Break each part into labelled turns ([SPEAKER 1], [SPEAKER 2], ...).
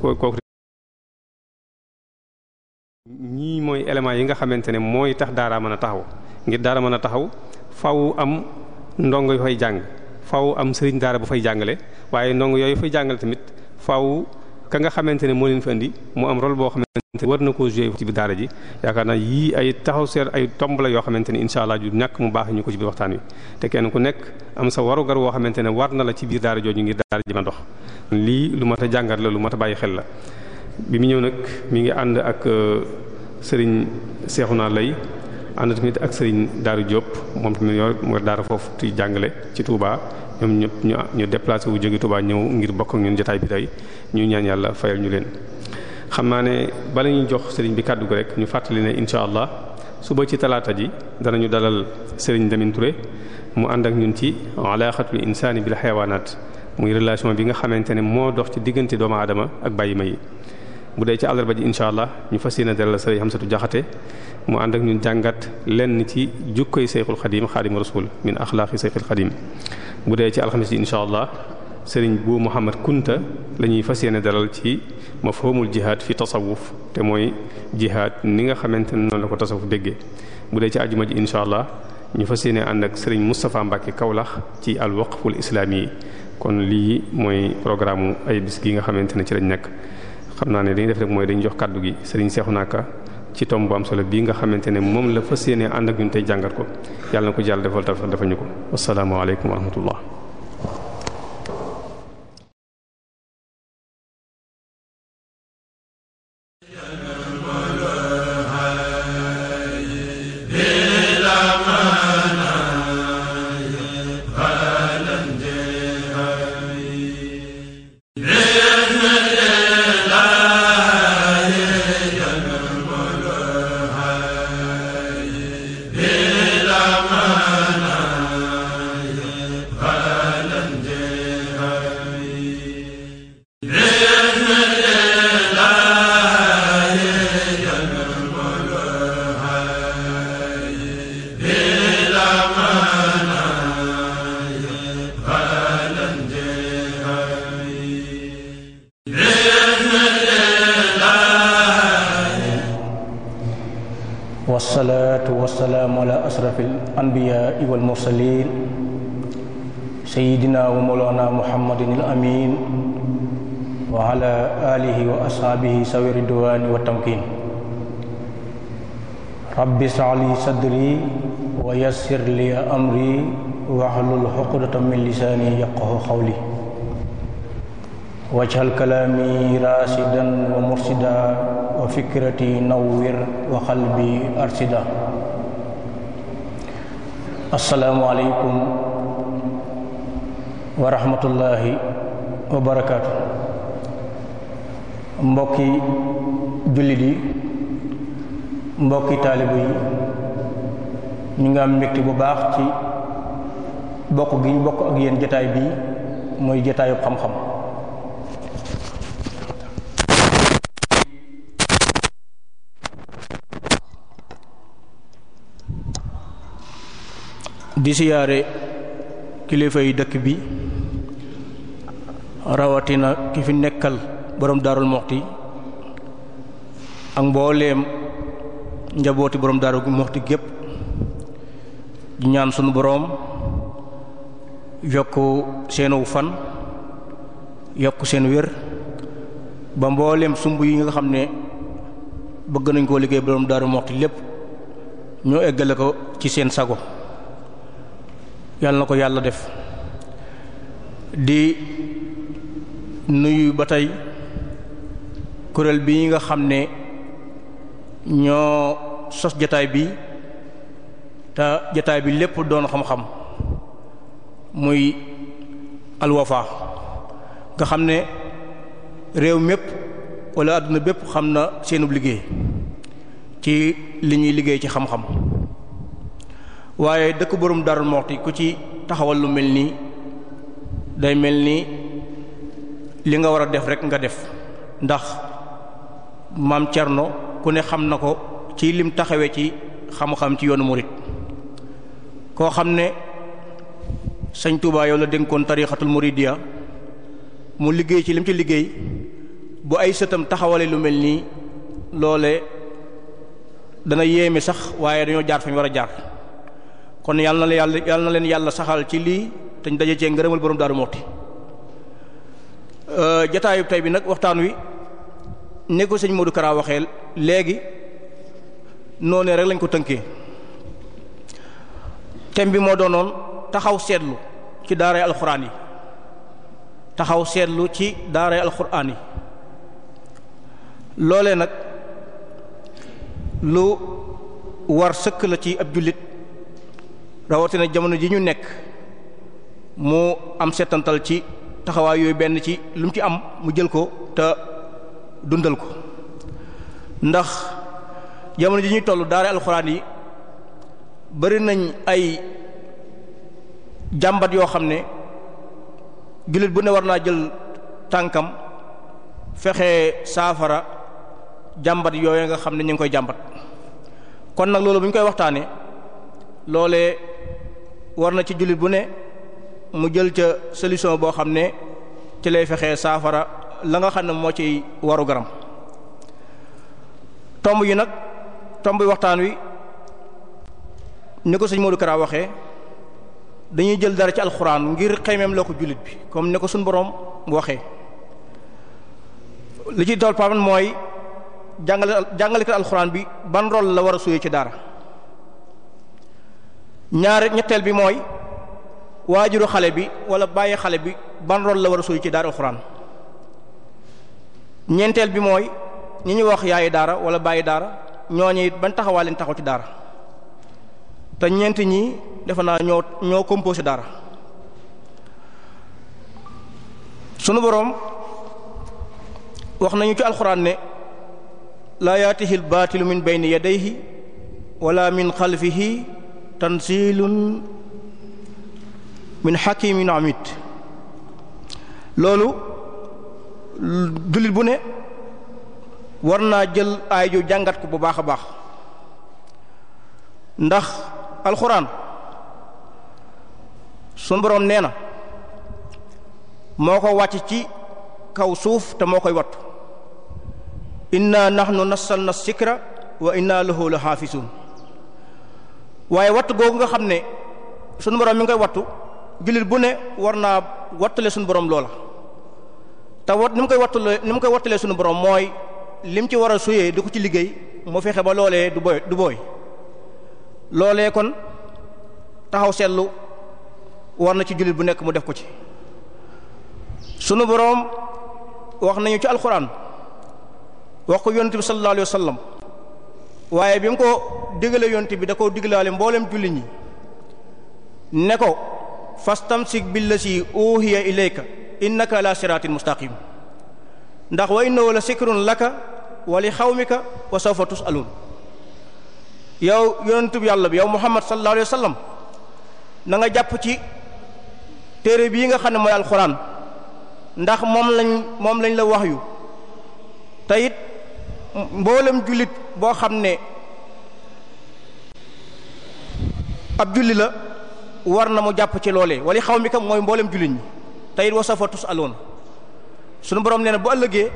[SPEAKER 1] kooku ñii mooy éléments yi nga xamante ne mooy tax daaraa mën a taxaw ngir daara mën a taxaw faw am ndongo yu fay jàng faw am sëriñ daara bu fay jàngale waaye ndongo yooyu fay jàngale tamit faw ka nga xamante ne moo leen fi indi mu am rôle boo xamante ne war na koo joué ci bi daara ji yaakaar naa yii ay taxaw seer ay tomb la yoo xamante ne incha allah ju ñàkk mu baax ñu ko ci biir waxtaan wi te kenn ku nekk am sa warugar woo xamante ne war na la ci biir daara jooju ngir daara ji ma dox lii lu mat a jàngat la lu mat a bàyyi xel la bi mu ñëw nag mi ngi ànd ak sëriñ naa Lay ànd tamit ak sëriñ Daaru Diop moom tamit yor mooy daara foofu di jàngale ci Touba ñoom ñëpp ñu ñu déplacé wu jóge Touba ñëw ngir bokk ak ñun jotaay bi tey ñu ñaan yàlla fayal ñu leen. xam naa ne bala ñuy jox sëriñ bi kàddu gi rek ñu fàttali ne incha allah suba ci talaata ji danañu dalal sëriñ Damine mu ànd ak ñun ci alaqatul insaani bil mu ngi relation bi nga xamante ne moo dox ci diggante doomu aadama ak ma yi bu dee ci àllarba ji incha allah ñu fas yéene dalal sëriñ Hamsatu Jaxate mu ànd ak ñu jàngat lenn ci jukkoy Seyxul Xadim Xaadimu Rasul min axlaaqi Seyxul Xadim bu dee ci alxames ji incha allah sëriñ bu Muhammad Kunta la ñuy fas yéene dalal ci mafhumul jihaad fi tasawuf te mooy jihaad ni nga xamante ne noonu la ko tasawuf déggee bu dee ci àjjuma ji incha allah ñu fas yéene ànd ak sëriñ Moustapha Mbacke Kaolack ci al waqful islaami yi kon lii mooy programme ay bis gi nga xamante ne ci lañ nekk. xam naa ne dañu def rek mooy dañu jox kàddu gi sëriñ Seexuna Ka ci tomb bu am solo bii nga xamante ne moom la fa yéenee ànd ak ñun tey jàngat ko yàlla na ko jàll defal defal defal ñu ko wasalaamaaleykum wa rahmatullah
[SPEAKER 2] والصلاة والسلام على أشرف الأنبياء والمرسلين سيدنا ومولانا محمد الأمين وعلى آله وأصحابه سوي الرضوان والتمكين رب اشرح لي صدري ويسر لي أمري واحلل عقدة من لساني يفقهوا قولي wajhal kalaami raasidan wa mursida wa fikrati nawwir wa qalbi arsida assalaamu aleykum wa rahmatullahi wa barakaatu mbokki jullit yi mbokki taalibu yi ñu nga am mbégte bu baax ci bokk gi bokk ak yéen jataay bii mooy jataayu xam-xam di siyaare yi dëkk bi rawatina ki fi nekkal boroom Darou moxti ak mbooleem njabooti borom Darou moxti gépp di ñaan sunu boroom yokk seenu fan yokk seen wér ba mboolem sumb yi nga xam ne bëgg nañ koo liggéey borom Darou Moukhty lépp ñoo eggale ko ci seen sago yàlla na ko yàlla def di nuyu ba tey kuréel bi nga xam ne ñoo sos jataay bi te jataay bi lépp doon xam-xam muy alwafa nga xam ne réew mépp wala àdduna bépp xam na seenub liggéey ci li ñuy liggéey ci xam-xam waaye dëkk boroom Darou Moukhty ku ci taxawal lu mel nii day mel ni li nga war a def rek nga def ndax maam Cerno ku ne xam na ko ci lim taxawee ci xam-xam ci yoonu murit koo xam ne sëñ Tuubaa yow la dénkoon tarixatul muridiya mu liggéey ci lim ci liggéey bu ay sëtam taxawalee lu mel nii loole dana yéeme sax waaye dañoo jaar fañ war a jaar kon yal la yàlla yal na leen yàlla saxal ci lii te ñu daje cee ngërëmal borom Daaru Muxti euh, jataayub tey bi nag waxtaan wi ne ko sëñ Modou Kara léegi noonee rek lañ ko tënkee tem bi moo doonoon taxaw seetlu ci daaray alxuraan yi taxaw seetlu ci daaray alxuraan yi loolee nag lu war sëkk la ci ab jullit rawatina jamono ji ñu nekk mu am setantal ci taxawaay yooyu benn ci lu mu ci am mu jël ko te dundal ko ndax jamono ji ñuy toll daara alxuraan yi bari nañ ay jàmbat yoo xam ne jullit bu ne war naa jël tànkam fexe saafara jàmbat yooyu nga xam ne ñu ngi koy jàmbat kon nag loolu bu ñu koy waxtaanee loolee war na ci jullit bu ne mu jël ca solution boo xam ne ci lay fexee saafara la nga xam ne moo ciy waru garam tomb yi nag tomb waxtaan wi ni ko sëñ Modou Kara waxee dañuy jël dara ci alxuraan ngir xaymeem loo ko jullit bi comme ni ko suñ boroom waxe li ci tool paman mooy jàngale jàngalekat alxuraan bi ban rôle la war a suyee ci dara ñaar ñetteel bi mooy waajuru xale bi wala bàyyi xale bi ban rôle la war a ci daara alxuraan ñeenteel bi mooy ñi ñu wax yaayu daara wala bàyyi daara ñooñu it ban taxawaa leen taxaw ci daara te ñent ñi def naa ñoo ñoo composé daara sunu boroom wax nañu ci alxuraan ne laa yaatihil baatilu min bayni yadayhi wala min xalfihi tanzilun min hakimin amid loolu jullit bu ne war naa jël aay ju jàngat ko bu baax a baax ndax alxuraan sunu boroom nee na moo ko wàcc ci kaw suuf te moo koy wattu inna nahnu nasalna sikra wa inna lahu la xaafisun waaye wattu googu nga xam ne sunu borom mi ngi koy wattu jullit bu ne war naa wattale sunu borom loola te wat ni mu koy wattale nu mu koy wattalee sunu borom mooy lim ci war a suyee di ko ci liggéey mu fexe ba loolee du boy du booy loolee kon taxaw seetlu war na ci jullit bu nekk mu def ko ci sunu boroom wax nañu ci alxuraan wax ko yonent bi sallallahu wasallam waaye bi mu ko digale yonte bi da koo diglaale mboolem julli ñi ne ko fastamsik billasi uhiya ilayka innaka ala siratin mustaqim ndax wa innahu la sikrun laka wa li ka wa sawfa tusalun yow yonentub yàlla bi yow muhammad sallallahu alayhi wa sallam na nga jàpp ci téere bii nga xam ne mooy alxuraan ndax moom lañ moom lañ la wax yu te mboolem jullit boo xam ne ab julli la war na mu jàpp ci loolee wala xaw mi kam mooy mboolem jullit ñi teyit wasafa tus aloon sunu borom nee na bu ëllëgee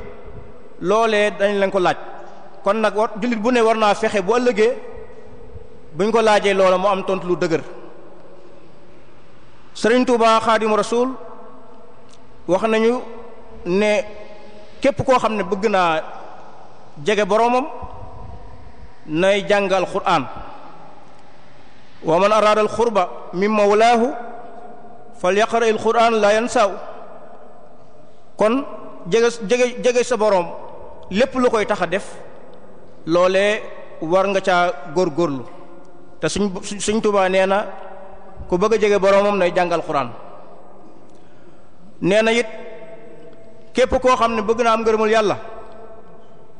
[SPEAKER 2] loolee dañ leen ko laaj kon nag war jullit bu ne war naa fexe bu ëllëgee buñ ko laajee loola mu am tontu lu dëgër sëriñ Tuuba xaadimu rasuul wax nañu ne képp koo xam ne bëgg naa jege boromam nay jàngal qur'aan wa man araada al qurba min mawlaahu falyaqra il qur'aan la saaw kon jege jege jege sa boroom lépp lu koy tax a def loole war nga ca góor góorlu te suñ suñ Tuubaa nee na ku bëgg a jege boroomam nay jàngal qur'aan nee na it képp koo xam ne bëgg naa am ngërëmul yàlla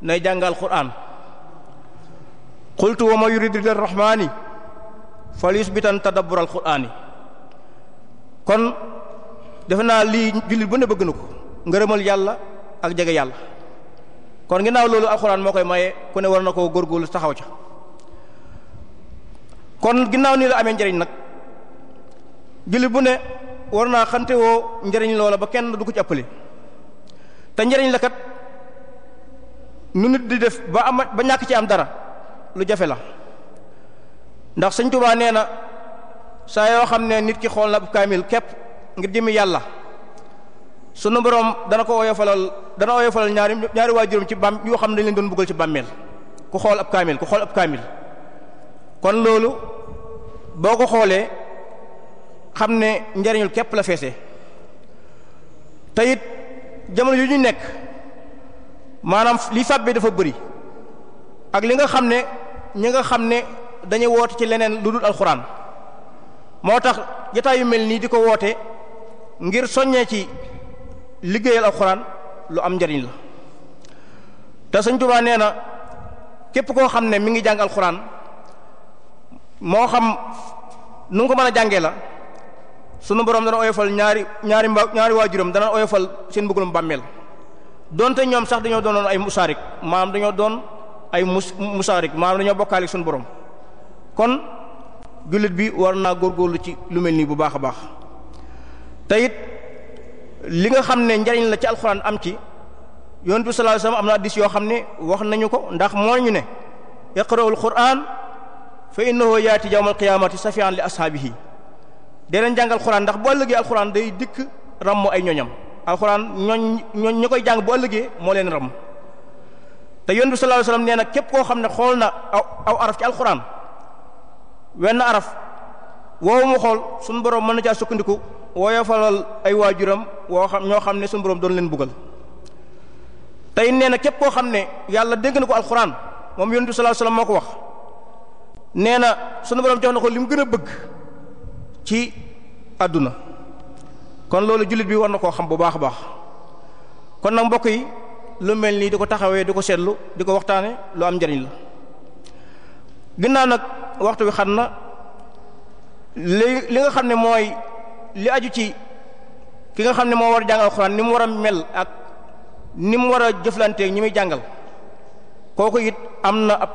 [SPEAKER 2] nay jàngal qur'aan qultu wa ma yuridu lir rahmani falyusbitan tadabbur al qur'ani kon defe naa lii jullit bu ne bëgg na ko ngërëmal yàlla ak jege yàlla kon ginnaaw loolu alxuraan moo koy maye ku ne war na koo góorgóorlu taxaw ca kon ginnaaw nii la amee njariñ nag jullit bu ne war naa xante woo njariñ loola ba kenn du ko ci ëppale te njariñ la kat nu nit di def ba am ba ñàkk ci am dara lu jafe la ndax sëñ Tuubaa nee na saa yoo xam ne nit ki xool na ab kaamil képp ngir jëmi yàlla sunu borom dana ko oyofalal dana oyofalal ñaari ñaari waajuram ci bam yoo xam ne dañ leen doon buggal ci bàmmeel ku xool ab kaamil xool ab kaamil kon loolu boo ko xoolee xam ne njariñul képp la feese te it jamono yu ñu nekk maanaam li fàbbe dafa bëri ak li nga xam ne ñi nga xam ne dañuy woote ci leneen lu dul alxuraan moo tax jotaay yu mel nii di ko woote ngir soññee ci liggéeyal alxuraan lu am njariñ la te Sëñ Tuubaa na képp koo xam ne mi ngi jàng alxuraan moo xam nu ko mën a jàngee la sunu borom dana oyofal ñaari ñaari mba ñaari waajuram dana oyofal seen bëggulum bàmmeel doonte ñoom sax dañoo doonoon ay musaarik maanaam dañoo doon ay mus musaarik maanaam dañoo bokkaale suñu borom kon jullit bi war naa góor góorlu ci lu mel nii bu baax a baax te it li nga xam ne njariñ la ci alxuraan am ci yoon bi sallallahu am na hadiis yoo xam ne wax nañu ko ndax moo ñu ne iqra'ul qur'aan fa innahu yaati yawmal qiyaamati safi'an li ashaabihi deneen jàng alxuraan ndax bu ëllëgee alxuraan day dikk ramm ay ñoñam alxuraan ñooñ ñooñ koy jàng bu ëllëgee moo leen ramm te yonent bi sallallahu alayhi wasallam nee na képp koo xam ne xool na aw aw araf ci alxuraan wenn araf woowu xool suñu borom mën na caa sukkandiku woyofalal ay waajuram woo xam ñoo xam ne suñu borom doon leen buggal tey nee na képp koo xam ne yàlla dégg na ko alxuraan moom yonent bi sallallahu alayhi wasallam moo ko wax nee na suñu borom jox na ko li mu gën a bëgg ci àdduna kon loolu jullit bi war na koo xam bu baax a baax kon nag mbokk yi. lu mel nii di ko taxawee di ko seetlu di ko waxtaane lu am njariñ la ginnaaw nag waxtu wi xan na li li nga xam ne mooy li aju ci ki nga xam ne moo war a jàng ni mu war a mel ak ni mu war a jëflanteeg ñi muy jàngal kooku it am na ab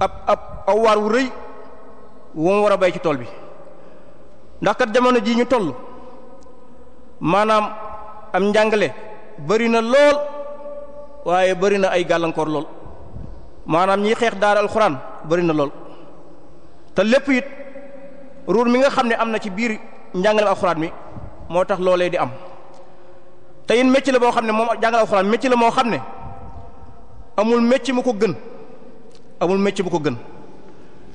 [SPEAKER 2] ab ab aw waar wu rëy wu mu war a bay ci tool bi ndax kat jamono jii ñu toll maanaam am njàngale bari na lool waaye bëri na ay gàllankoor lool maanaam ñiy xeex daara alxuraan bëri na lool te lépp it ruur mi nga xam ne am na ci biir njàngaleem alxuraan mi moo tax loolee di am te it métier la boo xam ne moom njàngaleem alxuraan métier la moo xam ne amul métier mu ko gën amul métier mu ko gën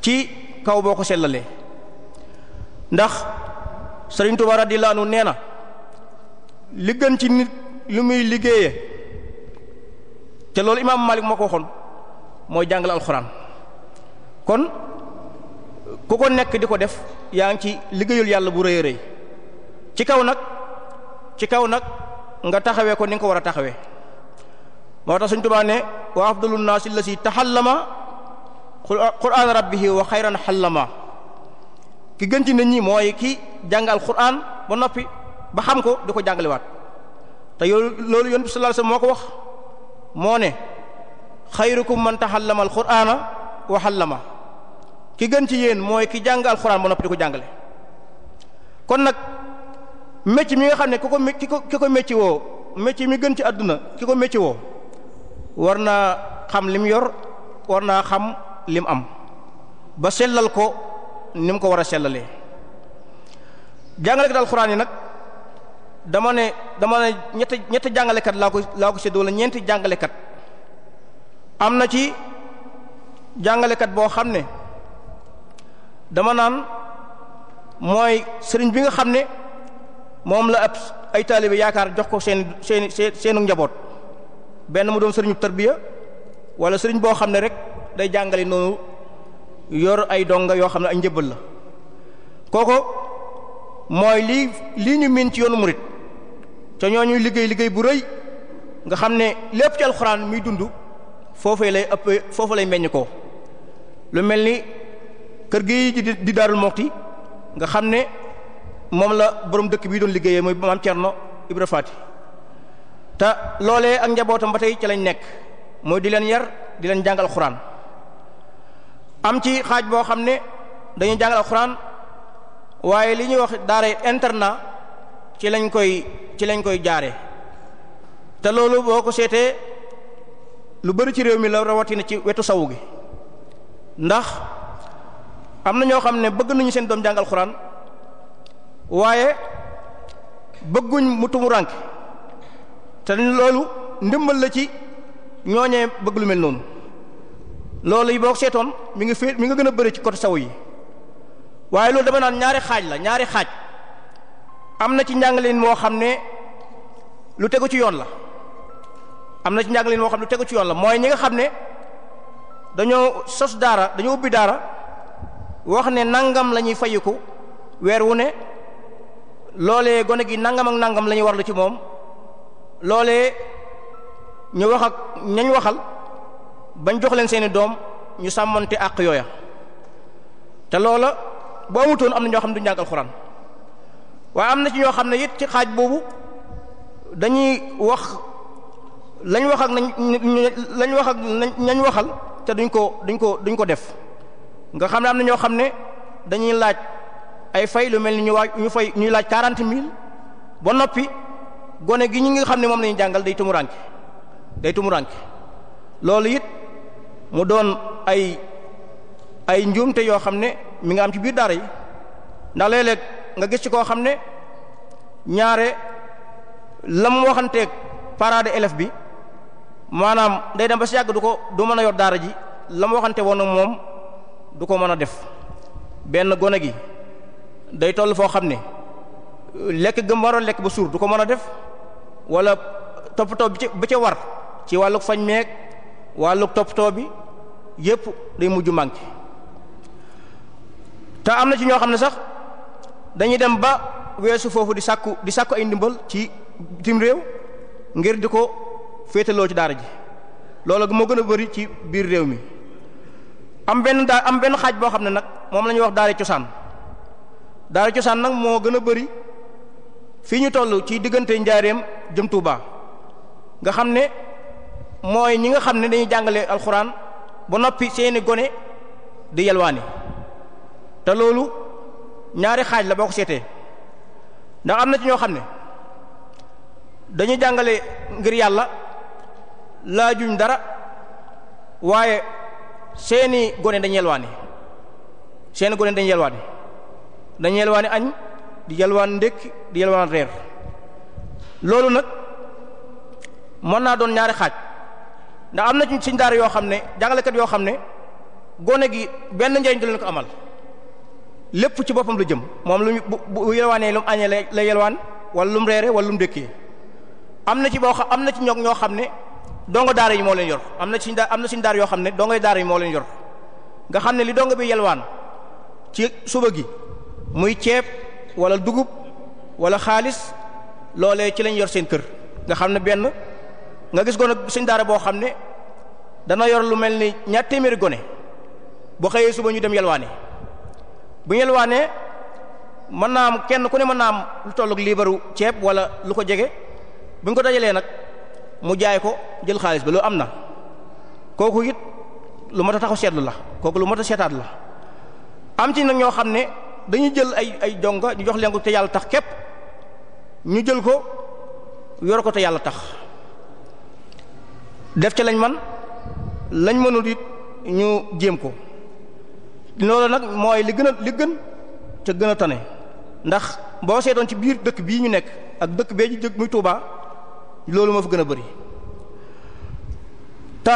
[SPEAKER 2] ci kaw boo ko sellalee ndax Sëriñ Tuubaa radiyallaahu anhu nee na li gën ci nit lu muy liggéeye te loolu imaamu Malik moo ko waxoon mooy jàngale alxuraan kon ku ko nekk di ko def yaa ngi ci liggéeyul yàlla bu rëy a rëy ci kaw nag ci kaw nag nga taxawee ko ni ko war a taxawee moo tax suñ Tuubaa ne wa afdalun naasi lasi taxallama quraan rabbihi wa xayran xallama ki gën ci nit ñi mooy ki jàngal quraan ba noppi ba xam ko di ko jàngalewaat te loolu yonent bi moo ko wax moo ne xayrukum man taxallama alqur'ana wa xallama ki gën ci yéen mooy ki jàng alqur'an ba noppi di ko jàngale kon nag mécc mi nga xam ne ki ko ki ko mécc woo mécc mi gën ci àdduna ki ko mécc woo war naa xam lim yor war naa xam lim am ba sellal ko ni ko war a sellalee jàngale ko alqur'an yi nag dama ne dama ne ñetti ñetti jàngalekat laa ko laa ko séddoo la ñeenti jàngalekat am na ci jàngalekat boo xam ne dama naan mooy sëriñ bi nga xam ne moom la ab ay taalibe yaakaar jox ko seen seen seenu njaboot benn mu doon sëriñu tarbiya wala sëriñ boo xam ne rek day jàngale noonu yor ay donga yoo xam ne ay njëbbal la kooku mooy lii lii ñu miin ci yoonu murit ca ñooñuy liggéey liggéey bu rëy nga xam ne lépp ci alxuraan muy dund foofee lay ëpp foofu lay meññ ko lu mel ni kër gi di Daarul Muxti nga xam ne moom la borom dëkk bi doon liggéeyee mooy maam Cerno Ibra Faati te loolee ak njabootam ba tey ci lañ nekk mooy di leen yar di leen jàngal alxuraan am ci xaaj boo xam ne dañuy jàngal alxuraan waaye li ñuy wax daara internat ci lañ koy ci lañ koy jaare te loolu boo ko seetee lu bari ci réew mi la rawatina ci wetu sawu gi ndax am na ñoo xam ne bëgg nañu seen doom jàngal xuraan waaye bëgguñ mu tumurànke te loolu ndimbal la ci ñooñee bëgg lu mel noonu loolu yi boo seetoon mi ngi fee mi nga gën a bëri ci côté sawu yi waaye loolu dama naan ñaari xaaj la ñaari xaaj am na ci njàngaleen moo xam ne lu tegu ci yoon la am na ci njàngaleen woo xam ne lu tegu ci yoon la mooy ñi nga xam ne dañoo sos daara dañoo ubbi daara wax ne nangam lañuy ñuy fayiku weer wu ne loole gone gi nangam ak nangam lañuy ñuy warlu ci moom loole ñu wax ñañ waxal bañ jox leen seeni doom ñu sàmmante àq yooya te loola boo amutoon am na ñoo xam ne du njàng alxuraan waaye am na ci ñoo xam ne it ci xaaj boobu dañuy wax lañ wax ak nañ wax ak nañ waxal te duñ ko duñ ko duñ ko def nga xam ne am na ñoo xam ne dañuy laaj ay fay lu mel ni ñu waa ñu fay ñuy laaj quarante mille ba noppi gone gi ñi nga xam ne moom lañu jàngal day tumuranke day tumuranke loolu it mu doon ay ay njuumte yoo xam ne mi nga am ci biir daara yi ndax léeg-léeg nga gis ci koo xam ne ñaare lam waxanteeg parent d'élève bi maanaam day dem ba si yàgg du ko du mën a yor daara ji lam waxante woon ak moom du ko mën a def benn gone gi day toll foo xam ne lekk gëm war a lekk ba suur du ko mën a def wala toppatoo bi ca bi ca war ci wàllug fañ meeg wàllug toppatoo bi yépp day mujj manqué te am na ci ñoo xam ne sax dañuy dem ba weesu foofu di sàkku di sàkku ay ndimbal ci tim réew ngir di ko féetaloo ci daara ji loolu moo gën a bari ci biir réew mi am benn xaaj boo xam ne nag moom la wax daara cosaan daara cosaan nag moo gën a bari fii ñu toll ci diggante njaareem jëm Tuuba nga xam ne mooy ñi nga xam ne dañuy jàngale alxuraan ba noppi seeni gone di yelwaani te loolu ñaari xaaj la boo ko seetee ndax am na ci ñoo xam ne dañuy jàngale ngir yàlla laajuñ dara waaye seeni gone dañu yelwaani seeni gone dañu yelwaani dañu yelwaani añ di yelwaan ndékki di yelwaan reer loolu nag mën naa doon ñaari xaaj ndax am na ci suñ daara yoo xam ne jàngalekat yoo xam ne gone gi benn njariñ du leen ko amal lépp ci boppam lu jëm moom lu bu yelwaanee lu mu añee la yelwaan wala lu mu reere wala lu mu am na ci boo xam am na ci ñoog ñoo xam ne dongo daara yi moo leen yor am na ci da am na suñu daar yoo xam ne dongoy daara yi moo leen yor nga xam ne li dongo bi yelwaan ci suba gi muy ceeb walla dugub wala xaalis loolee ci lañ yor seen kër nga xam ne benn nga gis gone suñ daara boo xam ne dana yor lu mel ni ñaar téeméeri gone bu xëyee suba ñu dem yelwaane bu ñu waanee mën naa am kenn ku ne mën naa am lu tollu liibaru ceeb wala lu ko jege bu ñu ko dajalee nag mu jaay ko jël xaalis bi loolu am na kooku it lu mot a taxaw seetlu la kooku lu mot a seetaat la am ci nag ñoo xam ne dañuy jël ay ay jonga ñu jox leen ko te yàlla tax képp ñu jël ko yor ko te yàlla tax def ca lañ man lañ mënul it ñu jéem ko loolu nag mooy li gën a li gën ca gën tane ndax boo seetoon ci biir dëkk bii ñu nekk ak dëkk bee ji dëkk muy Touba loolu moo fa gën a bëri te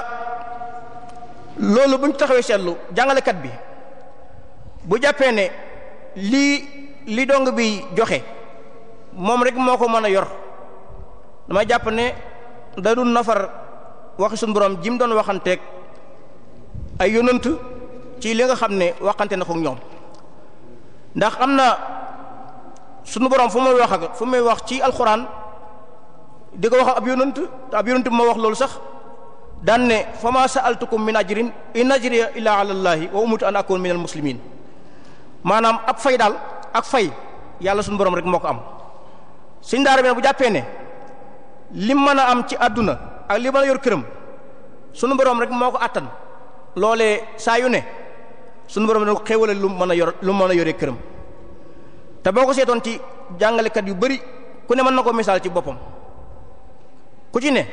[SPEAKER 2] loolu bu ñu taxawee seetlu jàngalekat bi bu jàppee ne lii li dong bi joxe moom rek moo ko mën a yor dama jàpp ne da du nafar waxi suñu borom jim doon waxanteeg ay yonant ci li nga xam ne waxante na ko ñoom ndax am na sunu borom fu may wax ak fu may wax ci alxuraan di ko wax ab yonent te ab yonent bi ma wax loolu sax daan ne fa ma sa'altukum min ajrin in ajriya illa ala allahi wa umirtu an akuna minal muslimin maanaam ab fay daal ak fay yàlla sunu borom rek moo ko am suñ daara bu jàppee ne li mën a am ci àdduna ak li mën a yor këram sunu borom rek moo ko attan loolee saa ne suñu borom dana ko xéewale lu mën a yor lu mën a yoree këram te boo ko seetoon ci jàngalekat yu bari ku ne mën na ko misaal ci boppam ku ci ne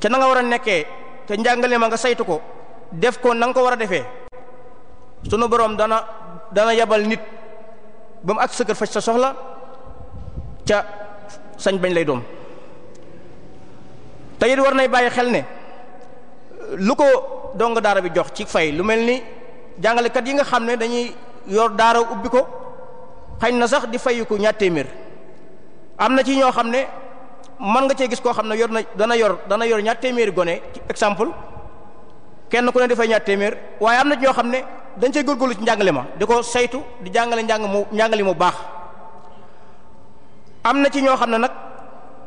[SPEAKER 2] ca na nga war a nekkee te jàngale ma nga saytu ko def ko nanga ko war a defee sunu borom dana dana yabal nit ba mu àgg sa kër faj sa soxla ca sañ bañ lay doom te it war nay bàyyi xel ne lu ko dong daara bi jox ci fay lu mel ni jàngalekat yi nga xam ne dañuy yor daara ubbi ko xañ na sax di fayiku ñaar téeméer am na ci ñoo xam ne mën nga cee gis koo xam ne yor na dana yor dana yor ñaar téeméeri gone ci exemple kenn ku ne di fay ñaar téeméer waaye am na ci ñoo xam ne dañ cey góorgóorlu ci njàngale ma di ko saytu di jàngale njàng mu njàngale mu baax am na ci ñoo xam ne nag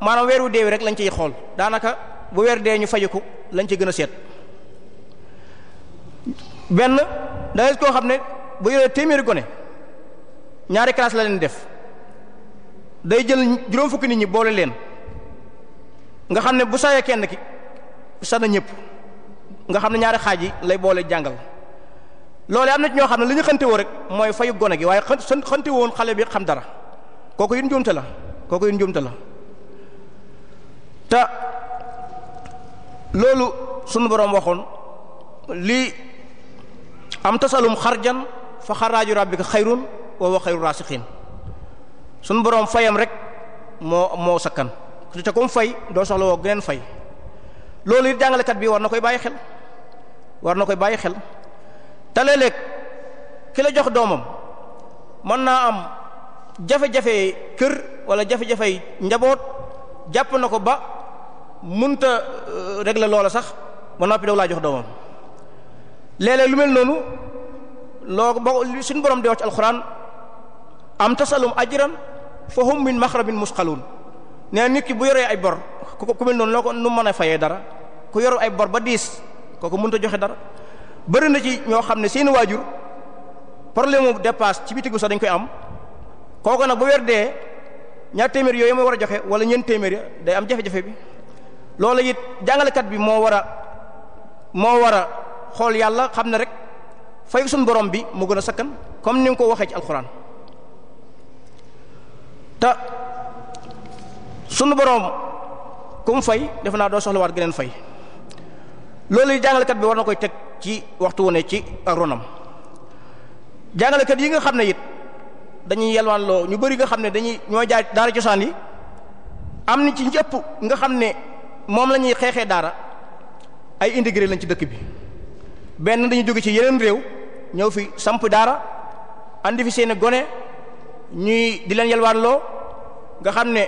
[SPEAKER 2] maanaam weer wu deewi rek lañ ciy xool daanaka bu weer dee ñu fayiku lañ ci gën a seet benn da ngay koo xam ne bu yoree téeméeri gone ñaari classe la leen def day jël juróom fukki nit ñi boole leen nga xam ne bu sayee kenn ki sa na ñëpp nga xam ne ñaari xaaj yi lay boole jàngal loole am na ci ñoo xam ne li ñu xante rek mooy fayu gone gi waaye xante woon xale bi xam dara kooku yu njuumte la kooku yu njuumte la te loolu sunu boroom waxoon lii am tasalum xarjan fa xaraaju rabbika xayrun wa wa xayru raasixiin suñu boroom fayam rek moo moo sakkan su te kum fay doo soxla woo geneen fay loolu it jàngalekat bi war na koy bàyyi xel war na koy bàyyi xel te léeg la jox doomam mën naa am jafe-jafe kër wala jafe-jafey njaboot jàpp na ko ba munta euh, la loola sax ba noppi daw laa jox doomam léeg lu mel noonu loo bo suñu borom di wax ci alxuraan am tasalum ajran fa hum min maxrabin musqaluun nee nit ki bu yoree ay bor ku ku mel noonu loo ko nu mën a fayee dara ku yor ay bor ba diis kooku mënut a joxe dara bëri na ci ñoo xam ne seeni waajur problème mu dépasse ci bitigu sax dañ koy am kooku nag bu weer dee ñaar téeméer yooyu mooy war a joxe wala ñeent téeméer day am jafe-jafe bi loolu it jàngalekat bi moo war a moo wara xool yàlla xam ne rek fay suñu borom bi mu gën a sakkan comme ni nga ko waxee ci alxuraan te sunu borom ku mu fay defe naa doo soxlawaat geneen fay loolu jàngalekat bi war na koy teg ci waxtu wu ne ci ak ronam jàngalekat yi nga xam ne it dañuy yelwaan loo ñu bari nga xam ne dañuy ñoo jaay daara cosaan yi am na ci ñëpp nga xam ne moom la ñuy xeexee daara ay intégré lañ ci dëkk bi. benn dañu jóge ci yeneen réew ñëw fi samp daara andi fi seeni gone ñuy di leen loo nga xam ne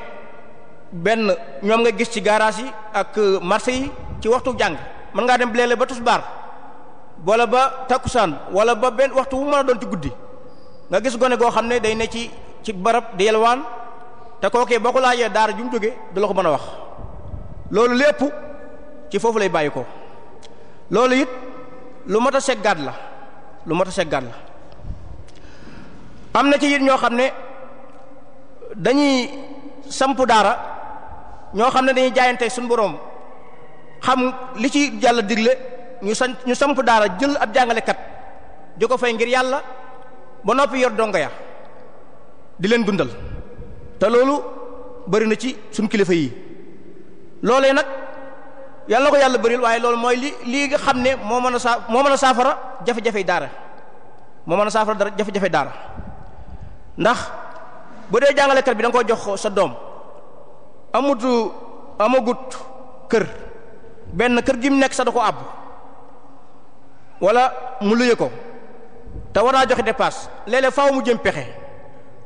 [SPEAKER 2] benn ñoom nga gis ci gaaraas yi ak euh, marché yi ci waxtu jàng mën ngaa dem bleele ba tusbaar wala ba takkusaan wala ba benn waxtu wu mën a doon ci guddi nga gis gone goo xam ne day ne ci ci barab di yalwaan te kookee boo ko laajee daara ju mu jóge du la ko mën a wax loolu lépp ci foofu lay bàyyi ko loolu it lu mot seggaat la lu mot a seggaat la am na ci it ñoo xam ne dañuy samp daara ñoo xam ne dañuy jaayante suñu boroom xam li ci yàlla digle ñu san ñu samp daara jël ab jàngalekat di ko fay ngir yàlla ba noppi yor dongo ya di leen dundal te loolu bari na ci suñ kilifa yi loolee nag yàlla ko yàlla bëril waaye loolu mooy li lii nga xam ne moo mën a saa moo mën a saafara jafe-jafe daara moo mën a saafara dara jafe-jafe daara ndax bu dee jàngalekat bi da nga koo jox sa doom amutu amagut kër benn kër gi mu nekk sa da ko àbb wala mu luye ko te war naa joxe dépasse léeg-léeg faaw mu jëm pexe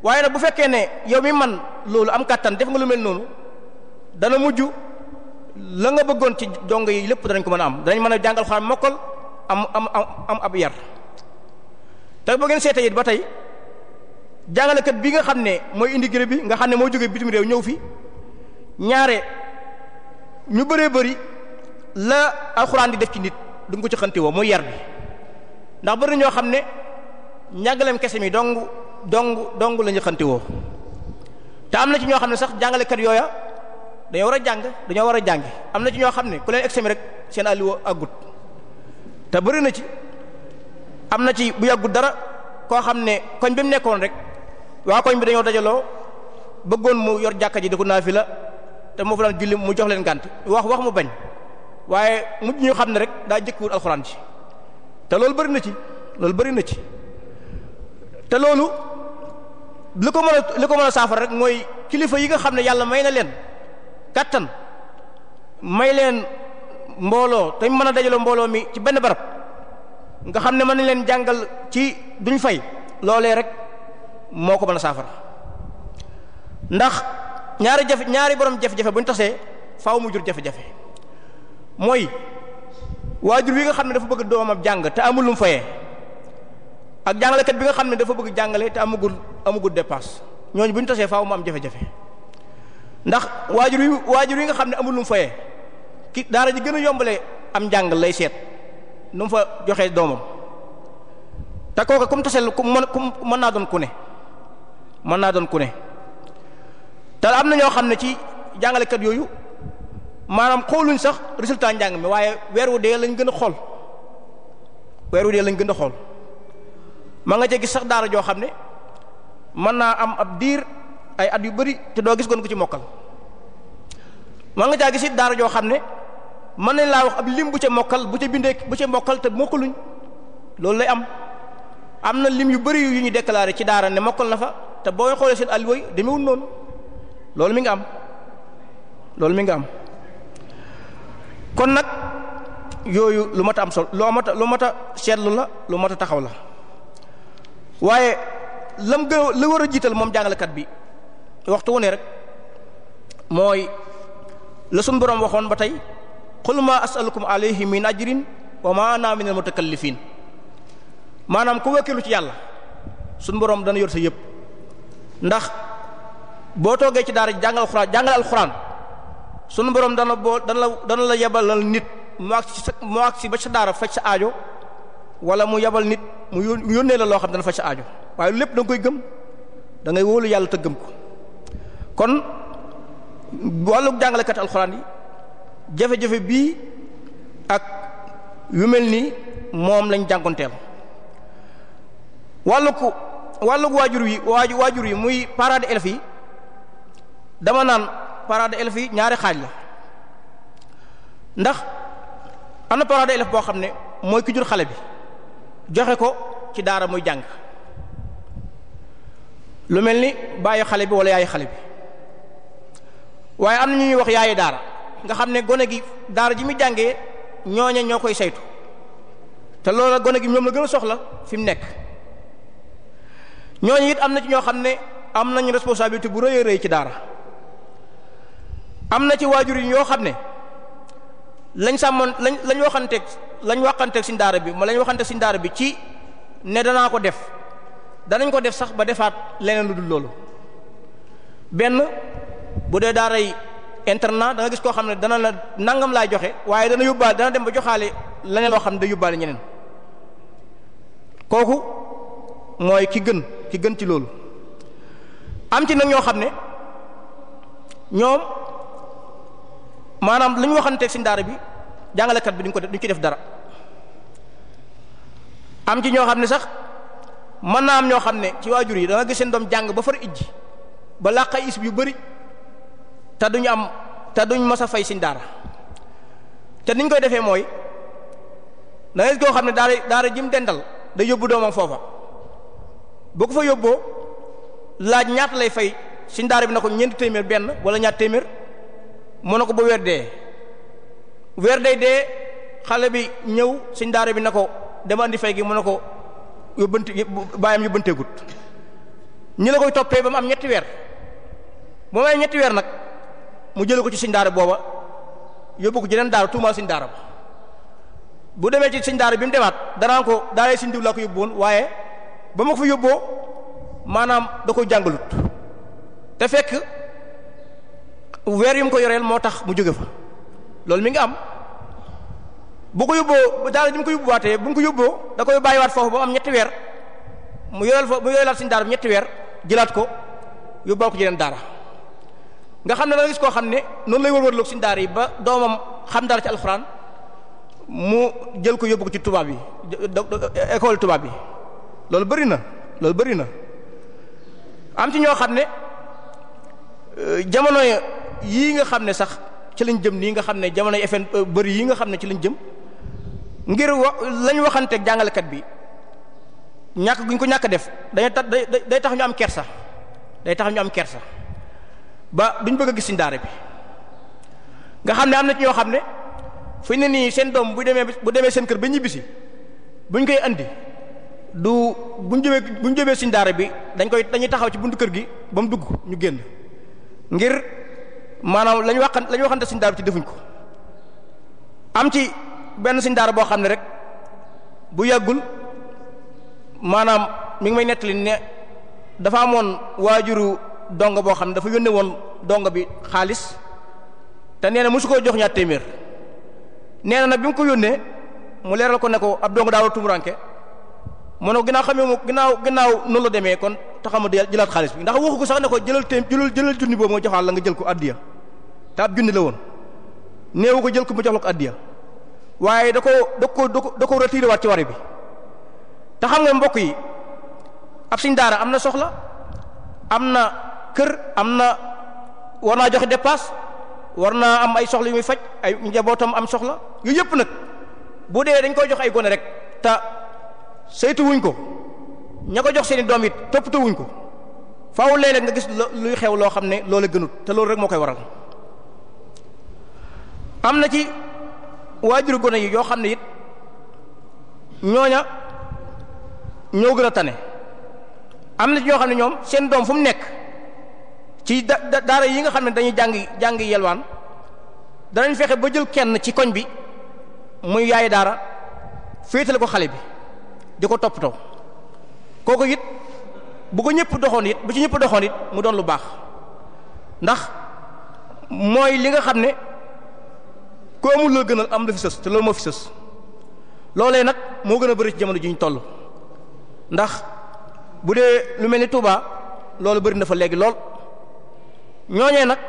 [SPEAKER 2] waaye nag bu fekkee ne yow mi man loolu am kàttan def nga lu mel noonu dana mujj la nga bëggoon ci dong yi lépp danañ ko mën a am danañ mën a jàngal xaar mokkal am am am am ab yar te boo ngeen seetee it ba tey jàngalekat bi nga xam ne mooy immigré bi nga xam ne moo jógee bitim réew ñëw fi ñaare ñu bëree bëri la alxuraan di def ci nit du nga ko ci xanti woo yar bi ndax bëri ñoo xam ne ñàggaleem kese mi dong dong dong la ñu xanti woo te am na ci ñoo xam ne sax jàngalekat yooya. dañoo war a jàng dañoo war a jàngi am na ci ñoo xam ne ku leen examen rek seen àlliwa àggut te bëri na ci am na ci bu yàggut dara koo xam ne koñ bi mu nekkoon rek waa koñ bi dañoo dajaloo bëggoon mu yor jàkka ji di ko la te moo fa daan julli mu jox leen gànt wax wax mu bañ waaye mu ñu xam ne rek daa jëkkwut alxuraan ci te loolu bëri na ci loolu bëri na ci te loolu li ko mën a li ko mën a saafara rek mooy kilifa yi nga xam ne yàlla may na leen kattan may leen mbooloo te mën a dajaloo mbooloo mi ci benn barab nga xam ne mën nañ leen jàngal ci duñ fay loolee rek moo ko mën a saafara ndax ñaari jafe ñaari borom jafe-jafe bu ñu mu jur jafe-jafe mooy waajur wi nga xam ne dafa bëgg doomam jàng te amul lu mu fayee ak jàngalekat bi nga xam ne dafa bëgg jàngale te amugul amugul dépasse ñooñu bu ñu tasee faaw mu am jafe-jafe. ndax waajur yi waajur yi nga xam ne amul lu mu fayee ki daara ji gën a yombale am njàng lay seet nu fa joxee doomam te kooka ku mu tasel ku mën ku mën naa doon ku ne mën naa doon ku ne te am na ñoo xam ne ci jàngalekat yooyu maanaam xooluñ sax résultat njàng mi waaye weer wu dee lañ gën a xool weer wu dee lañ gën a xool ma nga ca sax daara joo xam ne mën naa am ab diir ay at yu bëri te doo gis kon ko ci mokkal man nga caa gis it daara joo xam ne mën nañ laa wax ab lim bu ca mokkal bu ci bindee bu ca mokkal te mokkaluñ loolu lay am am na lim yu bëri yu ñu déclaré ci daara ne mokkal na fa te boo xoolee seen alluwa demewul noonu loolu mi ngi am loolu mi nga am kon nag yooyu lu mat a am solo loo mat a lu mat a seetlu la lu mat a taxaw la waaye lam gën la war a jiital moom jàngalekat bi waxtu wu rek mooy la suñu boroom waxoon ba tey qul ma asalukum alayhi min ajrin wa ma ana tëkkal mutakallifin maanaam ku wekkilu ci yàlla suñu boroom dana yor sa yëpp ndax boo toogee ci daara jàngal alxuraan jàngal alxuraan suñu boroom dana boo dana la dana nit mu ak si sa mu ak si ba sa daara faj sa aajo wala mu yebal nit mu yónnee la loo xam dana faj sa aajo waaye lépp da koy gëm da ngay wóolu yàlla te gëm ko kon wàllu jàngalekat alxuraan yi jafe-jafe bii ak yu mel ni moom lañ jànkonteel wàllu ko wàllu waajur yi waaju waajur yi muy parents d'élèves yi dama naan parents d'élèves yi ñaari xaaj la ndax am na parents boo xam ne mooy ki jur xale bi joxe ko ci daara muy jàng lu mel ni bàyyi xale bi wala yaayu xale bi waaye am na ñuy wax yaayu daara nga xam ne gone gi daara ji muy jàngee ñooña ñoo koy saytu te lool gone gi ñoom la gën a soxla fi mu nekk ñooñu it am na ci ñoo xam ne am nañu responsabilité bu rëy a ci daara am na ci waajur yi ñoo xam ne lañ sàmmoon lañ lañ waxanteeg lañ waxanteeg siñ daara bi ma lañ waxante siñ daara bi ci ne danaa ko def danañ ko def sax ba defaat leneen lu dul loolu benn. bu dee daaray internat da nga gis koo xam ne dana la nangam laay joxe waaye dana yóbbaale dana dem ba joxaale leneen loo xam ne da yóbbaale ñeneen kooku mooy ki gën ki gën ci loolu am ci nag ñoo xam ne ñoom maanaam lu ñu waxanteeg suñ daara bi jàngalekat bi duñ ko duñ ci def dara am ci ñoo xam ne sax mën naa am ñoo xam ne ci waajur yi da nga gis jàng ba far ijji ba làqa is yu bari te duñ am te duñ mës a fay siñ daara te niñ koy defee mooy da ngay koo xam ne daara daara jim dendal day yóbbu doomam foofa boo ko fa yóbboo laaj ñaata lay fay siñ daara bi na ko ñeenti téeméer benn wala ñaat téeméer mu na ko ba weer dee weer day dee xale bi ñëw siñ daara bi na ko dama andi fay gi mu na ko yóbbante bàyyam yóbbanteegut ñi la koy toppee ba mu am ñetti weer ba mu ñetti weer nag mu jële ko ci sëñ daara booba yóbbu ko jeneen daara tuumaal sëñ daara ba bu demee ci sëñ daara bi mu demaat danaan ko daalee sëñ diw laa ko yóbbu woon waaye ba ma ko fa yóbboo maanaam da ko jàngalut te fekk weer yu mu ko yoreel moo tax mu jóge fa loolu mi ngi am bu ko yóbboo daara bi mu ko yóbbuwaatee bu mu ko yóbboo da koy bàyyiwaat foofu ba am ñetti weer mu yoreel fa mu yoreelaat sëñ daara bi ñetti weer jëlaat ko yóbbuwaat ko jeneen daara nga xam ne da nga gis koo xam ne noonu lay wërwërloog suñu daara yi ba doomam xam dara ci alxuraan mu jël ko yóbbu ko ci tubaab yi école tubaab yi loolu bëri na loolu bëri na am ci ñoo xam ne euh, jamono yii nga xam ne sax ci lañ jëm nii nga xam ne jamono FN euh, bëri yi nga xam ne ci lañ jëm ngir wa lañ jàngalekat bi ñàkk guñ ko ñàkk def dañuy tax day tax ñu am kersa day tax ñu am kersa. ba duñ bëgg a gis suñ daara bi nga xam ne am na ci yoo xam ne fu ñu ne nii seen doom bu demee bu demee seen kër ba ñibbisi buñ koy andi du buñ jëmee buñ jëmee suñ daara bi dañ koy dañuy taxaw ci buntu kër gi ba mu dugg ñu génn ngir maanaam lañu waxan la ñu waxante siñ daara bi ci defuñ ko am ci benn suñ daara boo xam ne rek bu yàggul maanaam mi ngi may nettali ne dafa amoon waajuru dongo boo xam ne dafa yónnee woon dongo bi xaalis te nee na mosu koo jox ñaat téeméer nee na bi mu ko yónnee mu leeral ko ne ko ab dongo daawul tumuranke mu ne ko ginnaaw xamee mu ginnaaw ginnaaw noonu la demee kon xam taxama jëlaat xaalis bi ndax waxu ko sax ne ko jëlal téem jëlal jëlal junni boobu nga joxaat la nga jël ko addiya te ab junni la woon néewu ko jël ko mu jox la ko addiya waaye da ko da ko da ko retiré waat ci wari bi te xam nga mbokk yi ab siñ am na soxla am kër am na war naa joxe dépasse war naa am ay soxla yu muy faj ay njabootam am soxla yu yëpp nag bu dee dañ koy jox ay gone rek ta saytu ko ña ko jox seeni doom it toppatoo ko faaw léeg-léeg nga gis luy xew loo xam ne loola gënut te loolu rek moo koy waral am na ci waajuru gone yi yoo xam ne it ñooña ñoo gën a tane am na ci ñoo xam ne ñoom seen doom fu mu nekk ci daara yi nga xam ne dañuy jàng jàng yelwaan danañ fexe ba jël kenn ci koñ bi muy yaay daara féetale ko xale bi di ko toppatoo kooku it bu ko ñëpp doxoon it ci ñëpp doxoon it mu doon lu baax ndax mooy li nga xam ne ku amul loo gënal am la fi sës te loolu moo fi loolee nag moo gën a bari ci jamono ji ñu toll ndax bu dee lu mel ni tuuba loolu bari na fa léegi lool. ñooñee nag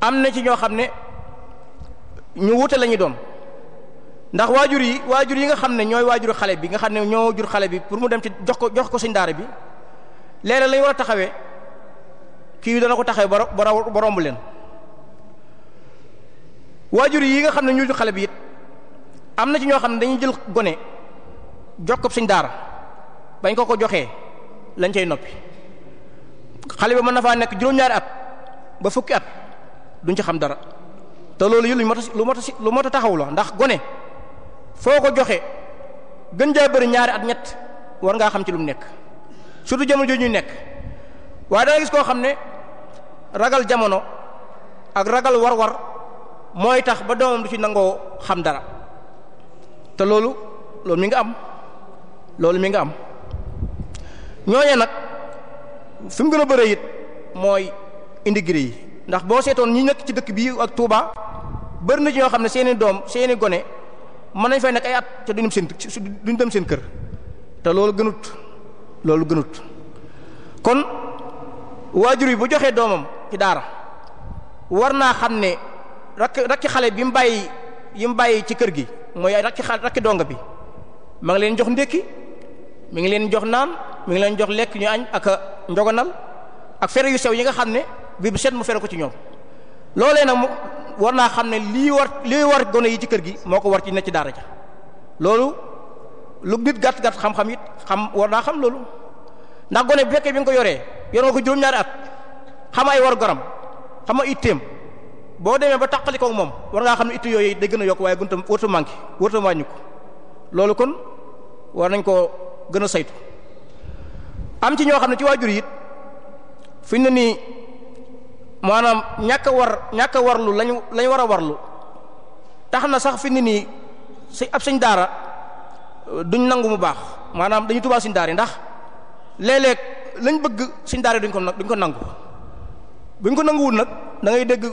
[SPEAKER 2] am na ci ñoo xam ne ñu wute lañuy ñu doon ndax waajur yi waajur yi nga xam ne ñooy waajur xale bi nga xam ne ñoo jur xale bi pour mu dem ci jox ko jox ko suñ bi léeg-léeg lañu war a taxawee kii dana ko taxawee ba romb leen waajur yi nga xam ne ñu jur xale bi it am na ci ñoo xam ne dañuy jël gone jox ko suñ daara bañ ko ko joxee lañ cay noppi. xale bi mën na faa nekk juróom-ñaari at ba fukki at duñ ci xam dara te loolu yi lu mot lu mot lu mot a taxaw la ndax gone foo ko joxee gën jaa ñaari at ñett war ngaa xam ci lu mu nekk surtout jamono jooju ñuy nekk waaye da gis koo xam ne ragal jamono ak ragal war-war mooy tax ba doomam du ci nangoo xam dara te loolu loolu mi ngi am loolu mi ngi am ñooñe nag. fi mu gën a bëree it mooy indigré yi ndax boo seetoon ñi nekk ci dëkk bi ak Touba bëri na ci ñoo xam ne seeni doom seeni gone mën nañ fay nekk ay at te duñu seen duñu dem seen kër te loolu gënut loolu gënut kon waajur yi bu joxee doomam ci daara war naa xam ne rakk rakki xale bi mu bàyyi yi mu bàyyi ci kër gi mooy rakki xale rakki donga bi ma ngi leen jox ndékki mi ngi leen jox naan mi ngi leen jox lekk ñu añ ak njogonal ak fere yu sew yi nga xam ne bi bu set mu fere ko ci ñoom loolee nag war naa xam ne lii war lii war gone yi ci kër gi moo ko war ci ci daara loolu lu nit gàtt gàtt xam it xam war naa xam loolu ndax gone bu fekkee bi nga ko yoree yor nga ko juróom-ñaari at xam ay war garam xam ay itteem boo demee ba taqali ko moom war ngaa xam ne itte yooyu day gën a yokk waaye gënut a wërta manqué wërta wàññi ko loolu kon war nañ koo gën a saytu. am ci ñoo xam ne ci waajur it fi ñu ne nii maanaam ñàkk war ñàkk warlu lañu lañu war a warlu tax na sax fi ne nii si ab sëñ daara duñ nangu mu baax maanaam dañu tubaab siñ daara ndax léeg lañ bëgg sëñ daara yi duñ ko duñ ko nangu buñ ko nanguwul nag dangay dégg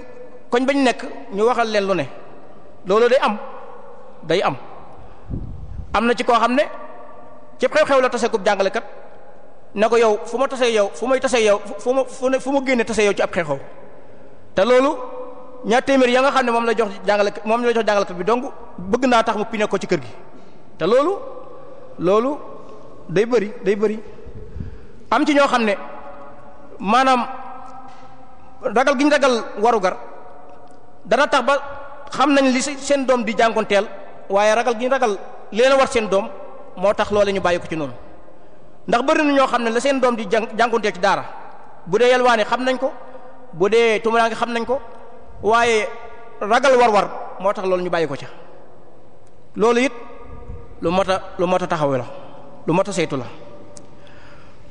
[SPEAKER 2] koñ bañ nekk ñu waxal leen lu ne loolu day am day am am na ci koo xam ne ci xew-xew la tase kub jàngalekat. ne ko yow fu ma tasee yow fu may tasee yow fu ma fu ne fu ma génne tasee yow ci ab xeexoo te loolu ñaar téeméer ya nga xam ne moom la jox jàngale moom la jox jàngalekat bi donc bëgg naa tax mu pine ko ci kër gi te loolu loolu day bëri day bëri am ci ñoo xam ne maanaam ragal gi ñu ragal warugar dana tax ba xam nañ li seen doom di jànkonteel waaye ragal gi ragal li leen war seen doom moo tax loole ñu bàyyi ko ci noonu ndax bëri na ñoo xam ne la seen doom di jàng jànkuwante ci daara bu dee yalwaane xam nañ ko bu dee tumuraange xam nañ ko waaye ragal war-war moo tax loolu ñu bàyyi ko ca loolu it lu mot a lu mot a taxaw la lu mot a saytu la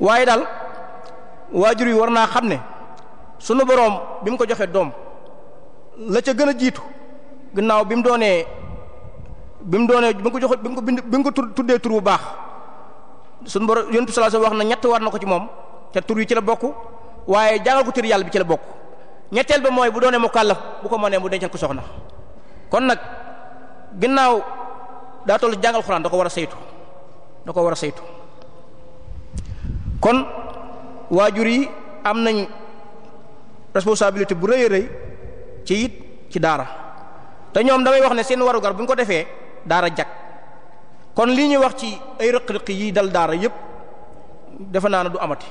[SPEAKER 2] waaye daal waajur yi war naa xam ne sunu boroom bi mu ko joxe doom la ca gën a jiitu gannaaw bi mu doonee bi mu doonee bi mu ko joxe bi ko bind bi mu ko tuddee tur bu baax. suñu borom yonent bi sallallahu wax na ñett war na ko ci moom te tur yi ci la bokk waaye jàngal ko tur yàlla bi ci la bokk ñetteel ba mooy bu doonee mu kàlla bu ko mënee mu dencal ko soxna kon nag ginnaaw daa toll jàngal xuraan da ko war a saytu da ko war a saytu kon waajur yi am nañ responsabilité bu rëy a rëy ci it ci daara te ñoom damay wax ne seen warugar bu ñu ko defee daara jag. kon lii ñuy wax ci ay rëq-rëq yi dal daara yépp defe naa ne du amati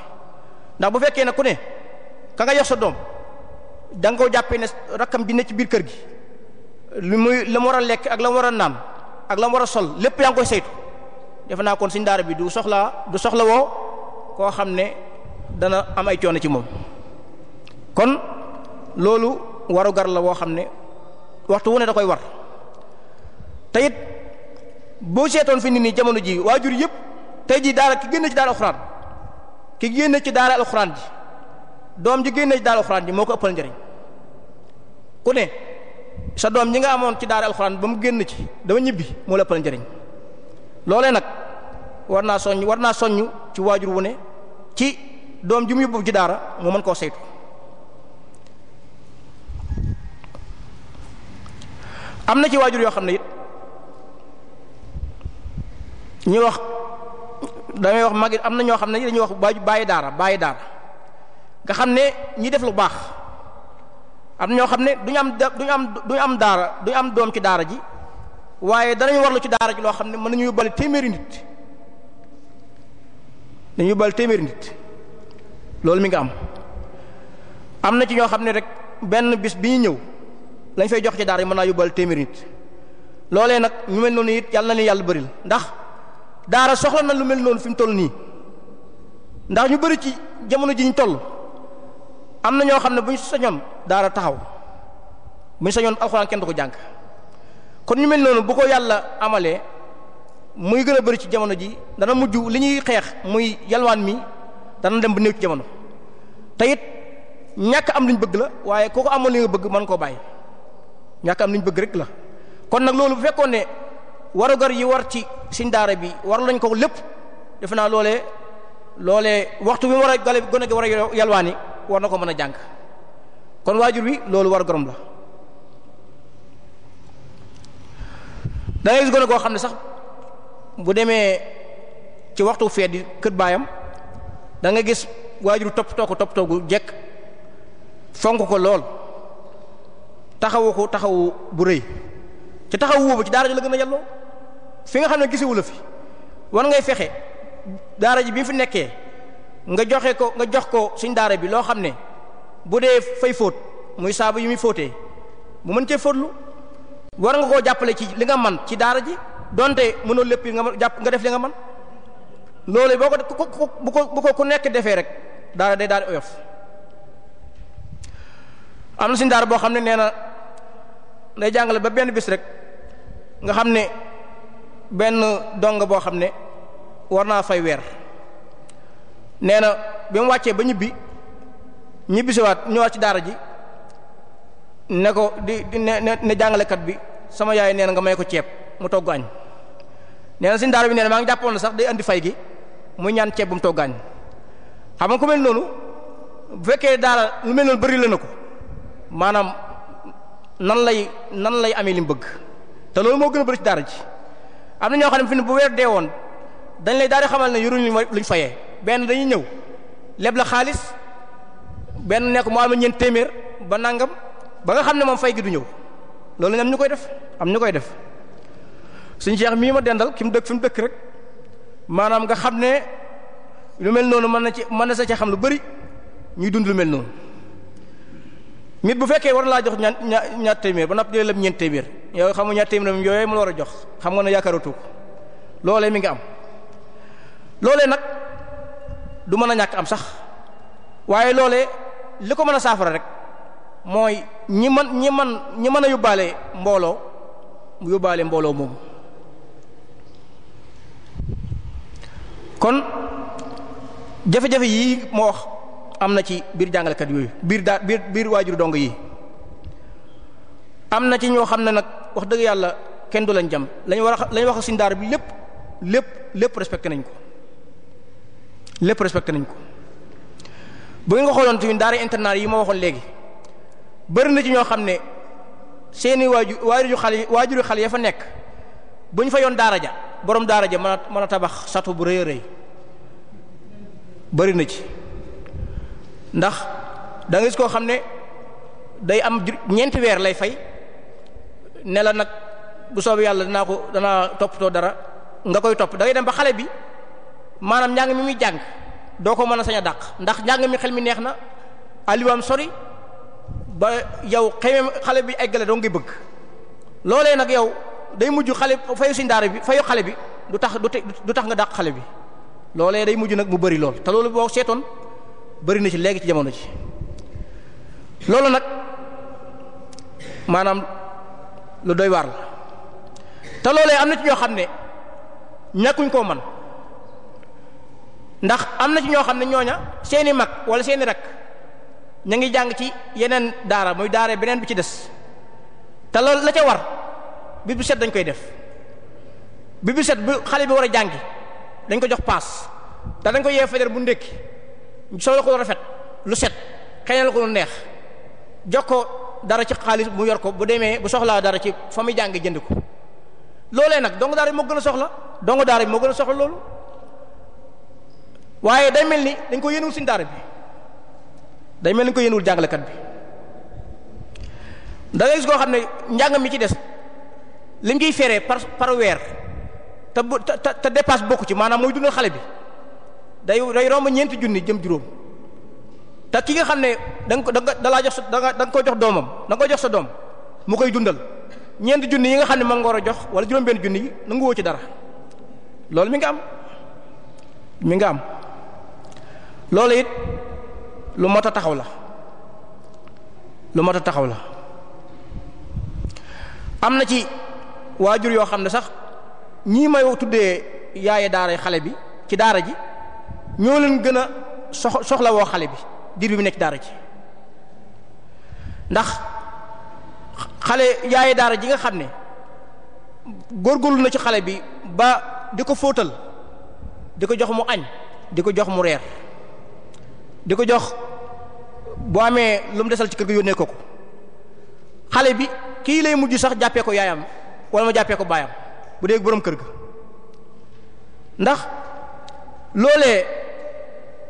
[SPEAKER 2] ndax bu fekkee ne ku ne ka nga yor sa doom da nga koo jàppee ne rakkam ji ci biir kër gi lu muy la mu war a lekk ak la mu war a naan ak la mu war a sol lépp yaa ngi koy saytu defe naa kon suñ daara bi du soxlaa du soxla woo koo xam ne dana am ay coono ci moom kon loolu warugar la woo xam ne waxtu wu ne da koy war te boo seetoon fi nit nii jamono ji waajur yëpp tey jii daara ki génn ci daara alxuraan ki génn ci daara alxuraan ji doom ji génn ci daara alxuraan ji moo ko ëppal ku ne sa doom ñi nga amoon ci daara ba mu génn ci dama ñibbi moo la ëppal njariñ loole nag war naa soññ war naa soññ ci waajur wu ne ci doom ji mu yóbbu ci daara moo man koo saytu am na ci waajur yoo xam ne it ñuy wax damay wax mag am na ñoo xam ne dañuy wax baay bàyyi daara bàyyi daara nga xam ne ñi def lu baax am ñoo xam ne duñu am duñu am duñu am daara duñu am doom ci daara ji waaye danañ warlu ci daara ji loo xam ne mën nañu yóbbale téeméeri nit dañu yóbbale téeméeri loolu mi nga am am na ci ñoo xam ne rek benn bis bi ñu ñëw lañ fay jox ci daara mën naa yóbbale téeméeri nit loolee nag ñu mel noonu it yàlla na leen yàlla baril ndax daara soxla na lu mel noonu fi mu toll nii ndax ñu bëri ci jamono ji ñu toll am na ñoo xam ne bu ñu sañoon daara taxaw bu ñu sañoon alxuraan kenn du ko jàng kon ñu mel noonu bu ko yàlla amalee muy gën a bari ci jamono ji dana mujj li ñuy xeex muy yalwaan mi dana dem ba néew ci jamono te it ñàkk am luñ bëgg la waaye kooku amoon li nga bëgg mën koo bàyyi ñàkk am luñ bëgg rek la kon nag loolu bu fekkoon warugar yi war ci suñ daara bi war lañ ko lépp defe naa loole loole waxtu bi war a gone gi war a yalwaani war na ko mën a jàng kon waajur bi loolu war gorom la da ngay gis gone koo xam ne sax bu demee ci waxtu feed kët baayam danga nga gis waajur toppatoo ko toppatoo gu jekk fonk ko lool taxawu ko taxawu bu rëy ci taxawu boobu ci daara ji la a yelloo fi nga xam ne gisewu la fi war ngay fexe daara ji bi fu nekkee nga joxe ko nga jox ko suñ daara bi loo xam ne bu dee fay fóot muy saabu yu muy fóotee mu mën cee fóotlu war nga koo jàppale ci li nga man ci daara ji donte mënoo lépp nga jàpp nga def li nga man loolu boo ko bu ko bu ko ku nekk defee rek daara day daal di oyof am na suñ daara boo xam ne nee na day jàngale ba benn bis rek nga xam ne benn dong boo xam ne war naa fay weer nee na bi mu wàccee ba ñibbi ñibbisiwaat ñëwaat ci daara ji ne ko di ne ne jàngalekat bi sama yaay nee na nga may ko ceeb mu togg añ nee na suñu bi nee na maa ngi jàppoon sax day andi fay gi muy ñaan ceeb bu mu togg añ xam nga ku mel noonu bu fekkee daara lu mel noonu bëri na ko maanaam nan lay nan lay amee li mu bëgg te loolu moo gën a bëri ci ji. am na ñoo xam ne bu weer dee woon dañ lay daal di xamal ne yoruñ luñ fayee benn dañuy ñëw leb la xaalis benn nekk mu am ñeent téeméer ba nangam ba nga xam ne moom fay gi du ñëw loolu am ñu koy def am ñu koy def suñu jeex mii ma dendal ki mu dëkk fi mu dëkk rek maanaam nga xam ne lu mel noonu mën na ci mën na sa ci xam lu bari ñuy dund lu mel noonu. nit bu fekkee war laa jox ña ña ñaar téeméer ba noppi di la leb ñeent téeméer yow xam nga ñaar téeméer moom yooyu mu la a jox xam nga ne yaakaaratu ko loolee mi ngi am loole nag du mën a ñàkk am sax waaye loole li ko mën a saafara rek mooy ñi man ñi man ñi mën a yóbbaale mbooloo mu yóbbaale mbooloo moomu kon jafe-jafe yi moo am na ci biir jàngalekat yooyu biir daa biir biir waajur dong yi am na ci ñoo xam ne nag wax dëgg yàlla kenn du lañ jam lañu war a lañ wax suñ daara bi lépp lépp lépp respecté nañ ko lépp respecté nañ ko bu ngeen ko xooloon tamit daara internat yi ma waxoon léegi bëri na ci ñoo xam ne seeni waajur waajuru xal waajuru xale ya fa nekk bu ñu fa yoon daara ja boroom daara ja mën a mën a tabax satu bu rëy a rëy bëri na ci. ndax da nga gis koo xam ne day am ñeenti weer lay fay ne la nag bu soobee yàlla danaa ko danaa toppatoo dara nga koy topp da dem ba xale bi maanaam njàng mi muy jàng doo ko mën a sañ a dàq ndax njàng mi xel mi neex na aliwaam sori ba yow xëy xale bi eggale doo ngay bëgg loolee nag yow day mujj xale fayu si daara bi fayu xale bi du tax du tax nga dàq xale bi loolee day mujj nag mu bari lool te loolu boo seetoon. bëri na ci léegi ci jamono ci loolu nag maanaam lu doy waar la te loolee am na ci ñoo xam ne ñàkkuñ koo man ndax am na ci ñoo xam ne ñooña seeni mag wala seeni rak ña ngi jàng ci yeneen daara muy daara beneen bi ci des te loolu la ca war bi bu set dañ koy def bi bu set bu xale bi war a jàngi dañ ko jox paas te dañ ko yee fajar bu ndékki solo ko rafet lu set xëy la ko doon neex jox ko dara ci xaalis mu yor ko bu demee bu soxlaa dara ci fa muy jàngee jënd ko loolee nag dongo daara bi moo gën a soxla dongo daara bi moo gën a soxla loolu waaye day mel ni dañ ko yéenewul suñu daara bi day mel ni dañ ko yéenewul jàngalekat bi da gis koo xam ne njàngam mi ci des li ngiy feree par par weer te bu te te dépasse bokku ci maanaam mooy dundal xale bi. day day romb ñeenti junni jëm juróom te ki nga xam ne da ko da dalaa jox sa da nga ko jox doomam da jox sa doom mu koy dundal ñeenti junni yi nga xam ne moom nga war a jox wala juróom-benn junni yi nangu woo ci dara loolu mi nga am mi ngi am loolu it lu mot a taxaw la lu mot a taxaw la am na ci waajur yoo xam ne sax ñii may tuddee yaaye daara xale bi ci daara ji ñoo leen gën a sox soxla woo xale bi diir bi mu nekk daara ji ndax xale yaaye daara ji nga xam ne góor góorgóorlu na ci xale bi ba di ko fóotal di ko jox mu añ di ko jox mu reer di ko jox boo amee lu mu desal ci kër gi yónnee ko ko xale bi kii lay mujj sax jàppee ko yaayam wala ma jàppee ko baayam bu dee boroom kër ga ndax loolee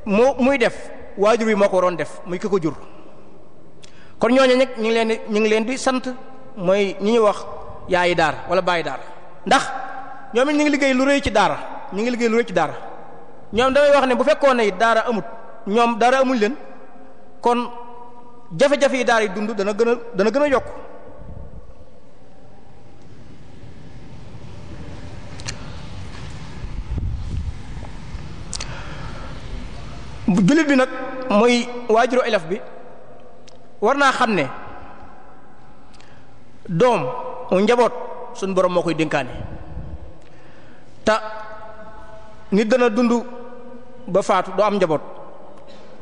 [SPEAKER 2] mu muy def waajur yi moo ko waroon def muy ki ko jur kon ñooñu nag ñu ngi leen di ñu ngi leen di sant mooy ñi ñuy wax yaayi daara wala bàyyi daara ndax ñoom it ñu ngi liggéey lu rëy ci daara ñu ngi liggéey lu rëy ci daara ñoom damay wax ne bu fekkoon ne daara amut ñoom daara amuñ leen kon jafe-jafe yi daara yi dund dana gën a dana gën a yokk jullit bi nag mooy waajuru élève bi war naa xam ne doom njaboot suñ borom moo koy dénkaane te nit dana dund ba faatu doo am njaboot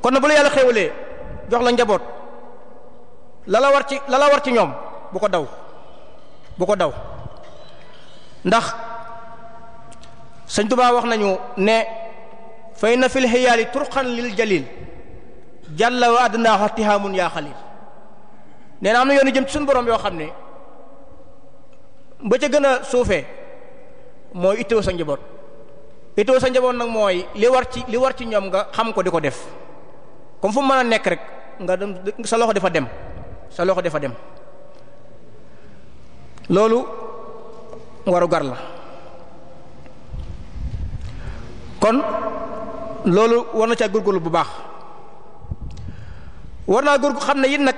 [SPEAKER 2] kon na bu yàlla xéwalee jox la njaboot la la war ci la war ci ñoom bu ko daw bu ko daw ndax sëñ Tuubaa wax nañu ne fa inna fil xiyaali turqan lil jalil jàlla wa adnaaxa tihaamun yaa xalil nee na am na yoon jëm suñu borom yoo xam ne ba ca gën a suufee mooy itteewu sa njaboot itteewu sa njaboot nag mooy li war ci war ci ñoom nga xam ko di ko def comme fu mën a nekk rek nga dem sa loxo dafa dem sa loxo dafa dem loolu waru gar la kon loolu war na caa góorgóorlu bu baax war naa góor xam ne it nag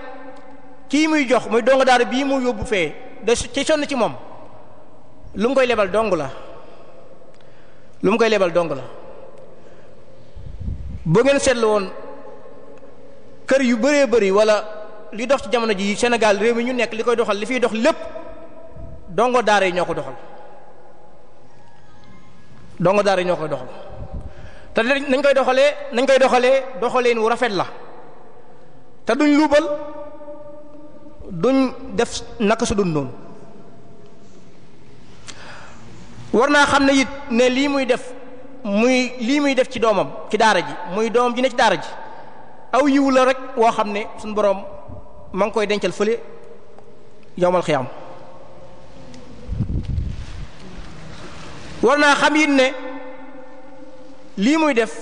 [SPEAKER 2] kii muy jox muy donga daara bii mu yóbbu fee da ci sonn ci moom lu mu koy lebal dong la lu mu koy lebal dong la boo ngeen seetlu woon kër yu baree bëri wala li dox ci jamono ji Sénégal réew mi ñu nekk li koy doxal li fiy dox lépp dongo daar yi ñoo ko doxal dongo daara ñoo koy doxal te nañ koy doxalee nañ koy doxalee doxaleen wu rafet la te duñ luubal duñ def naka su dul war naa xam ne it ne lii muy def muy lii muy def ci doomam ci daara ji muy doomam ji ne ci daara ji aw yiw la rek woo xam ne suñ boroom ma ngi koy dencal fële yowmal xiyaam war naa xam it ne lii muy def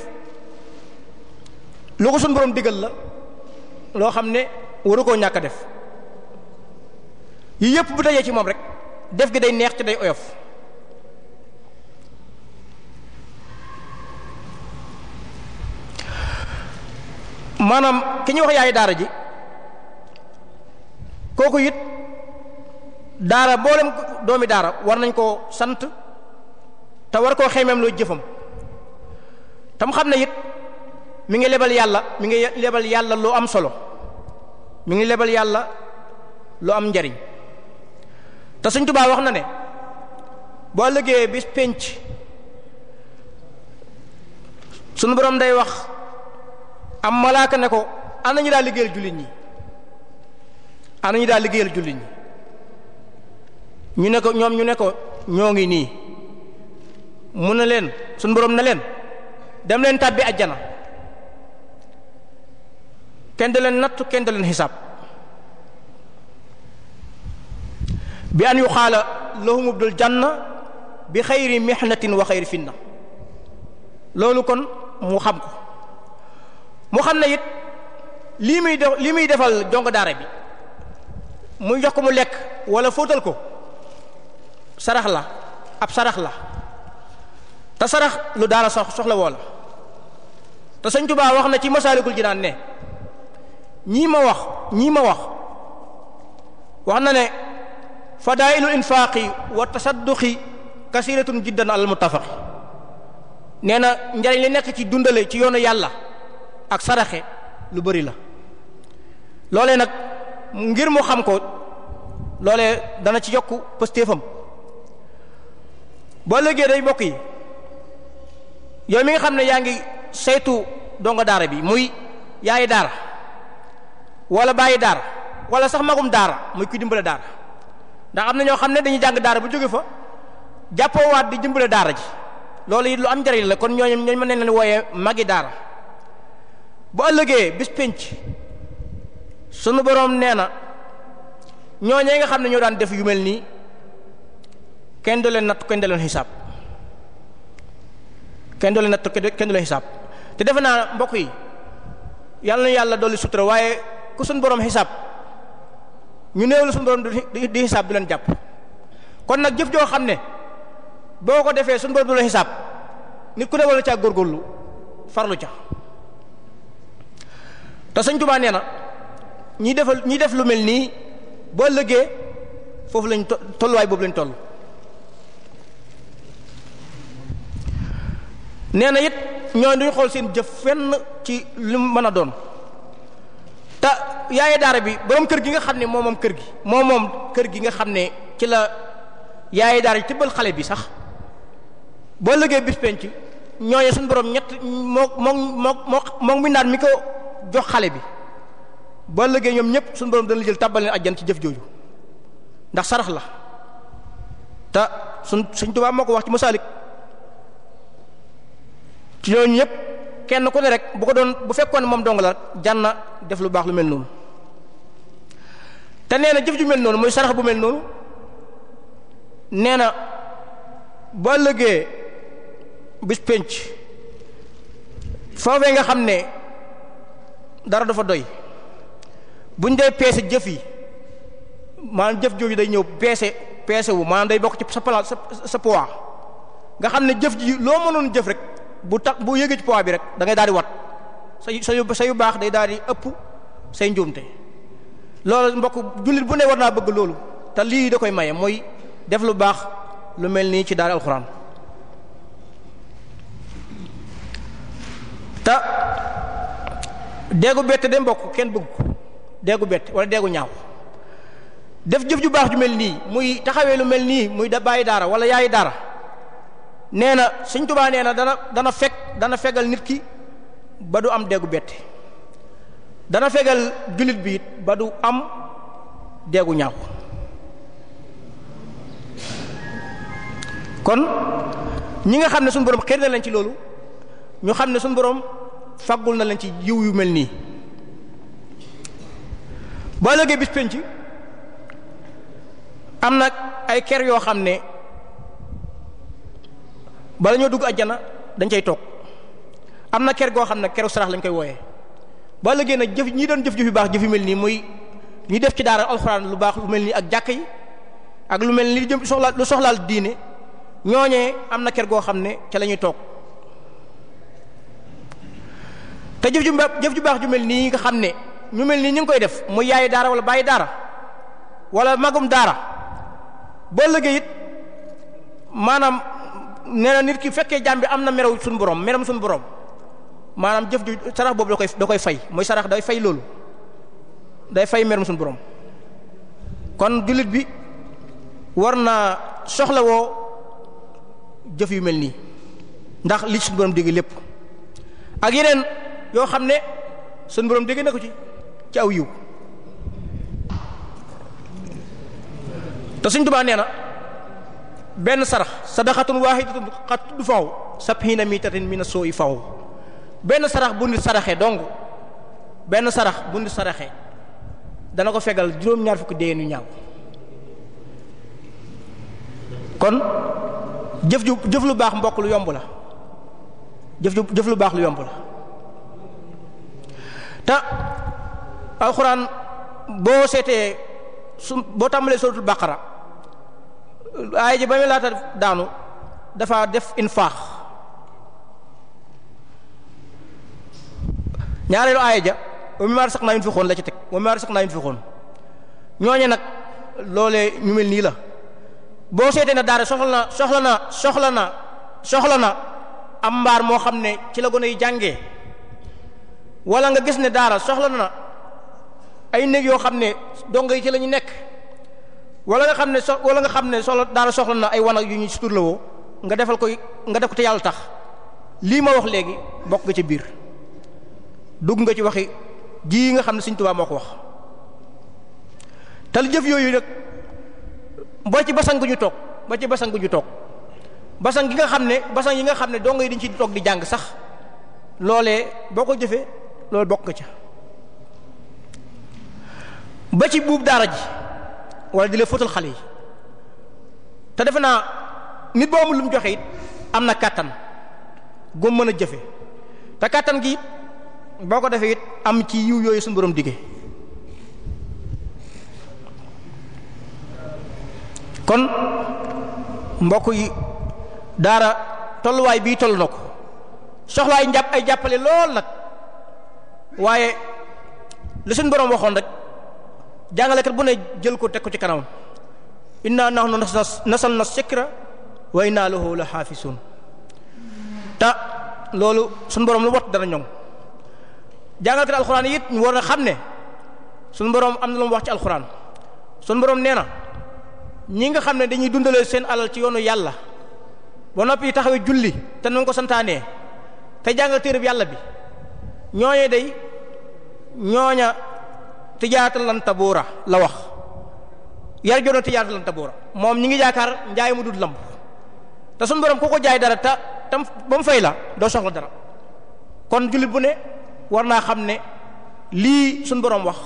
[SPEAKER 2] lu ko suñ borom digal la loo xam ne waru koo ñàkk a def yi yëpp bu dajee ci moom rek def gi day neex ci day oyof maanaam ki ñuy wax yaay daara ji kooku it daara boolem doomi daara war nañ koo sant te war koo xemeem loo jëfam tam xam ne it mu ngi lebal yàlla mi ngi lebal yàlla lu am solo mu ngi lebal yàlla lu am njariñ te Sëriñ Tuubaa wax na ne boo liggéeyee bi pénc sunu borom day wax am malaaka ne ko ana ñu daa liggéeyal jullit ñi ana ñu daa liggéeyal jullit ñi ñu ne ko ñoom ñu ne ko ñoo ngi nii mu ne leen sunu borom ne leen dem leen tàbbi ajjana kenn du leen nattu kenn du leen xisaab bi an yuqaala lahum ubdul janna bi xayri mihnatin wa xayri finna loolu kon mu xam ko mu xam ne it lii muy def muy defal jongo daara bi muy jox ko mu lekk wala fóotal ko sarax la ab sarax la te sarax lu daara sox soxla woo la te sëñ wax na ci masaalikul jinaan ne ñii ma wax ñii ma wax wax na ne fadaailu infaaqi wa tasadduqi kasiratun jiddan al muttafaqi nee na njariñ li nekk ci dundale ci yoonu yàlla ak saraxe lu bari la loole nag ngir mu xam ko loolee dana ci yokk pëstéefam boo léegi day bokk yi yow mi nga xam ne yaa ngi saytu dongo daara bi muy yaay daara wala bàyyi daara wala sax magum daara muy kuy dimbale daara ndax am na ñoo xam ne dañuy jàng daara bu jóge fa jàppoowaat di dimbale daara ji loolu it lu am njariñ la kon ñooñu ñooñu mën nañ leen wooyee magi daara bu ëllëgee bis pénc sunu boroom nee na ñooñee nga xam ne ñoo daan def yu mel nii kenn du leen natt kenn du leen xisaab kenn du kenn du leen te defe naa mbokk yi yàlla na yàlla dolli sutura waaye ku suñ borom xisaab ñu néew la suñ borom di di xisaab du leen jàpp kon nag jëf joo xam ne boo ko defee suñ borom du la xisaab nit ku ne wala caa góorgóorlu farlu ca te sëñ Tuubaa nee na ñi defal ñi def lu mel nii boo lëggee foofu lañ tolluwaay boobu lañ toll nee na it ñooñu duñ xool seen jëf fenn ci li mu mën a doon ta yaaye daara bi borom kër gi nga xam ne moom moom kër gi moo moom kër gi nga xam ne ci la yaaye daara ji tibbal xale bi sax boo liggéey bis penc ñooñu suñu borom ñett moo moom moo moo moom mi naan mi ko jox xale bi boo liggéey ñoom ñëpp suñu borom dana la jël tàbbal leen ajjan ci jëf jooju ndax sarax la te suñ suñ tubaab moo ko wax ci masaalik ci ñooñu ñëpp kenn ku ne rek bu ko doon bu fekkoon ne moom dong la jan na def lu baax lu mel noonu te nee na jëf ju mel noonu mooy sarax bu mel noonu nee na boo lëggee bis pénc foofee nga xam ne dara dafa doy buñ dee peese jëf yi maanaam jëf jooju day ñëw peese peesewu wu maanaam day bokk ci sa palaas sa sa nga xam ne jëf ji loo mënoon jëf rek. bu tax bu yëgee ci poids bi rek dangay ngay daal di wat sa yu sa yu baax day daal di ëpp say njuumte loolu mbokk jullit bu ne war naa bëgg loolu te lii da koy maye mooy def lu baax lu mel nii ci daara alxuraan te deegu bette de mbokk kenn bëgg ko deegu bette wala ñaaw def jëf ju baax ju mel nii muy taxawee lu mel nii muy da bàyyi daara wala yaayi daara nee na Sëriñ Tuubaa na dana dana fekk dana fegal nit ki ba du am déggu bette dana fegal jullit bi it ba du am déggu ñaaw kon ñi nga xam ne suñu borom xër na leen ci loolu ñu xam ne suñu borom faggul na leen ci jiw yu mel nii boo léegi bis penc am na ay ker yoo xam ne bala ñoo dugg ajjana dañ cay toog am na ker goo xam ne keru sarax lañ koy wooyee ba léegi nag jëf ñi doon jëf jëf yu baax jëf yu mel nii muy ñi def ci daara alxuraan lu baax lu mel nii ak jàkk yi ak lu mel ni lu jëm soxla lu soxlaal diine ñooñee am na ker goo xam ne ca la ñuy toog te jëf ju baax jëf ju baax ju mel nii nga xam ne ñu mel nii ñu ngi koy def muy yaayi daara wala bàyyi daara wala magum daara ba léegi it maanaam nee nit ki fekkee jaam bi am na meraw suñu borom meram suñu borom maanaam jëf ju sarax boobu da koy fay mooy sarax day fay loolu day fay meram suñu borom kon jullit bi war na soxlawoo jëf yu mel nii ndax lii suñu borom dégg lépp ak yeneen yoo xam ne suñu borom dégg na ci ci aw yiw te suñ Tuubaa nee na benn sarax sadaxatun waahidatun xat du faw sabhiina na mina soo'i faw benn sarax bu nit saraxe dong benn sarax bu nit saraxe dana ko fegal juróom-ñaar fukki déyeen yu ñaaw kon jëf ju jëf lu baax mbokk lu yomb la jëf ju jëf lu baax lu yomb la te alxuraan boo seetee su boo tàmbalee suratul baqara aaya ji ba muy laata daanu dafa def infaax ñaareelu aaya ja wa mimmaa razaqnaahum yunfiquun la ci teg wa mimmaa razaqnaahum yunfiquun ñooñe nag loole ñu mel nii la boo seetee ne daara soxla na soxla na soxla na soxla na am mbaar moo xam ne ci la gone yi jàngee wala nga gis ne daara soxla na ay néeg yoo xam ne dongo yi ci la nekk wala nga xam ne so wala nga xam ne soxla daara soxla na ay wanag yu ñu suturlawoo nga defal ko nga def ko te yàlla tax lii ma wax léegi bokk nga ci biir dugg nga ci waxi ji nga xam ne Sëriñ Tuubaa moo ko wax te jëf yooyu nag ba ci basan gu ñu toog ba ci basan gu ñu toog basan gi nga xam ne basan yi nga xam ne dong yi dañ ci toog di jàng sax loolee boo ko jëfee loolu bokk nga ca ba ci buub daara ji wala di la fóotal xale yi te defe naa nit boo amul lu mu joxe it am na kàttan gu mën a jëfe te kàttan gi boo ko defee it am ci yiw yooyu suñu borom digge kon mbokk yi daara tolluwaay bii toll na ko soxlaay njàpp ay jàppale lool nag waaye li suñu borom waxoon rek jàngalekat bu ne jël ko teg ko ci kanam inna nahnu nasal na sikra wa inna lahu la xaafisun ta loolu suñu borom lu wat dana ñoŋ jàngalekat alxuraan yi war na xam ne sun borom am na lu mu wax ci alxuraan suñu borom nee na ñi nga xam ne dañuy dundalee seen alal ci yoonu yàlla ba noppi taxawee julli te nu ko santaanee te jàngal téereb yàlla bi ñooñee day ñooña tijaaratan lan tabuura la wax yar joona tijaaratan lan moom ñi ngi yaakaar njaay mu dul lamb te suñu borom ku ko jaay dara ta tam ba mu fay la doo soxla dara kon jullit bu ne war naa xam ne lii suñ borom wax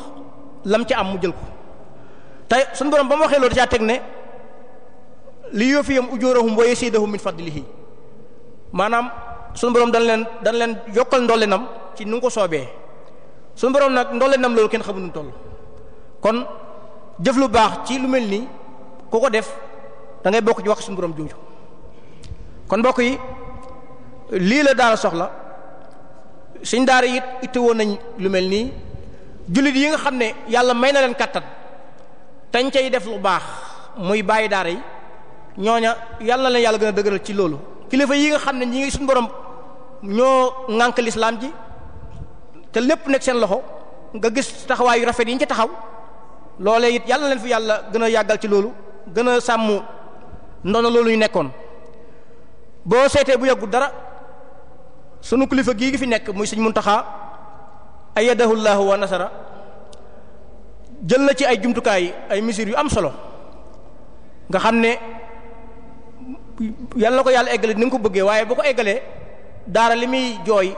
[SPEAKER 2] lam ca am mu jël ko te suñ borom ba mu waxee loolu caa teg ne li yuwafihim ujurahum wa yazidahum min fadlihi maanaam suñu borom dañ leen dañ leen yokkal ndollenam ci nu ko soobee suñu borom nag ndolle nam loolu kenn xamu nu toll kon jëf lu baax ci lu mel nii koo ko def dangay bokk ci wax suñu borom jooju kon mbokk yi lii la daara soxla suñ daara it itti woon nañ lu mel nii jullit yi nga xam ne yàlla may na leen kàttan tañ cay def lu baax muy bàyyi daara yi ñooña yàlla na leen yàlla gën a dëgëral ci loolu kilifa yi nga xam ne ñi suñ boroom borom ñoo ŋànk lislaam ji te lépp nekk seen loxo nga gis taxawaay yu rafet yi ñu ci taxaw loolee it yàlla leen fi yàlla gën a yàggal ci loolu gën a sàmm ndono loolu ñu nekkoon boo seetee bu yàggu dara sunu kilifa gii gi fi nekk muy Sëriñ Muntaxa ayyadahu llahu wa nasara jël na ci ay jumtukaay ay mesures yu am solo nga xam ne yàlla na ko yàlla eggale ni nga ko bëggee waaye bu ko eggalee daara li muy jooy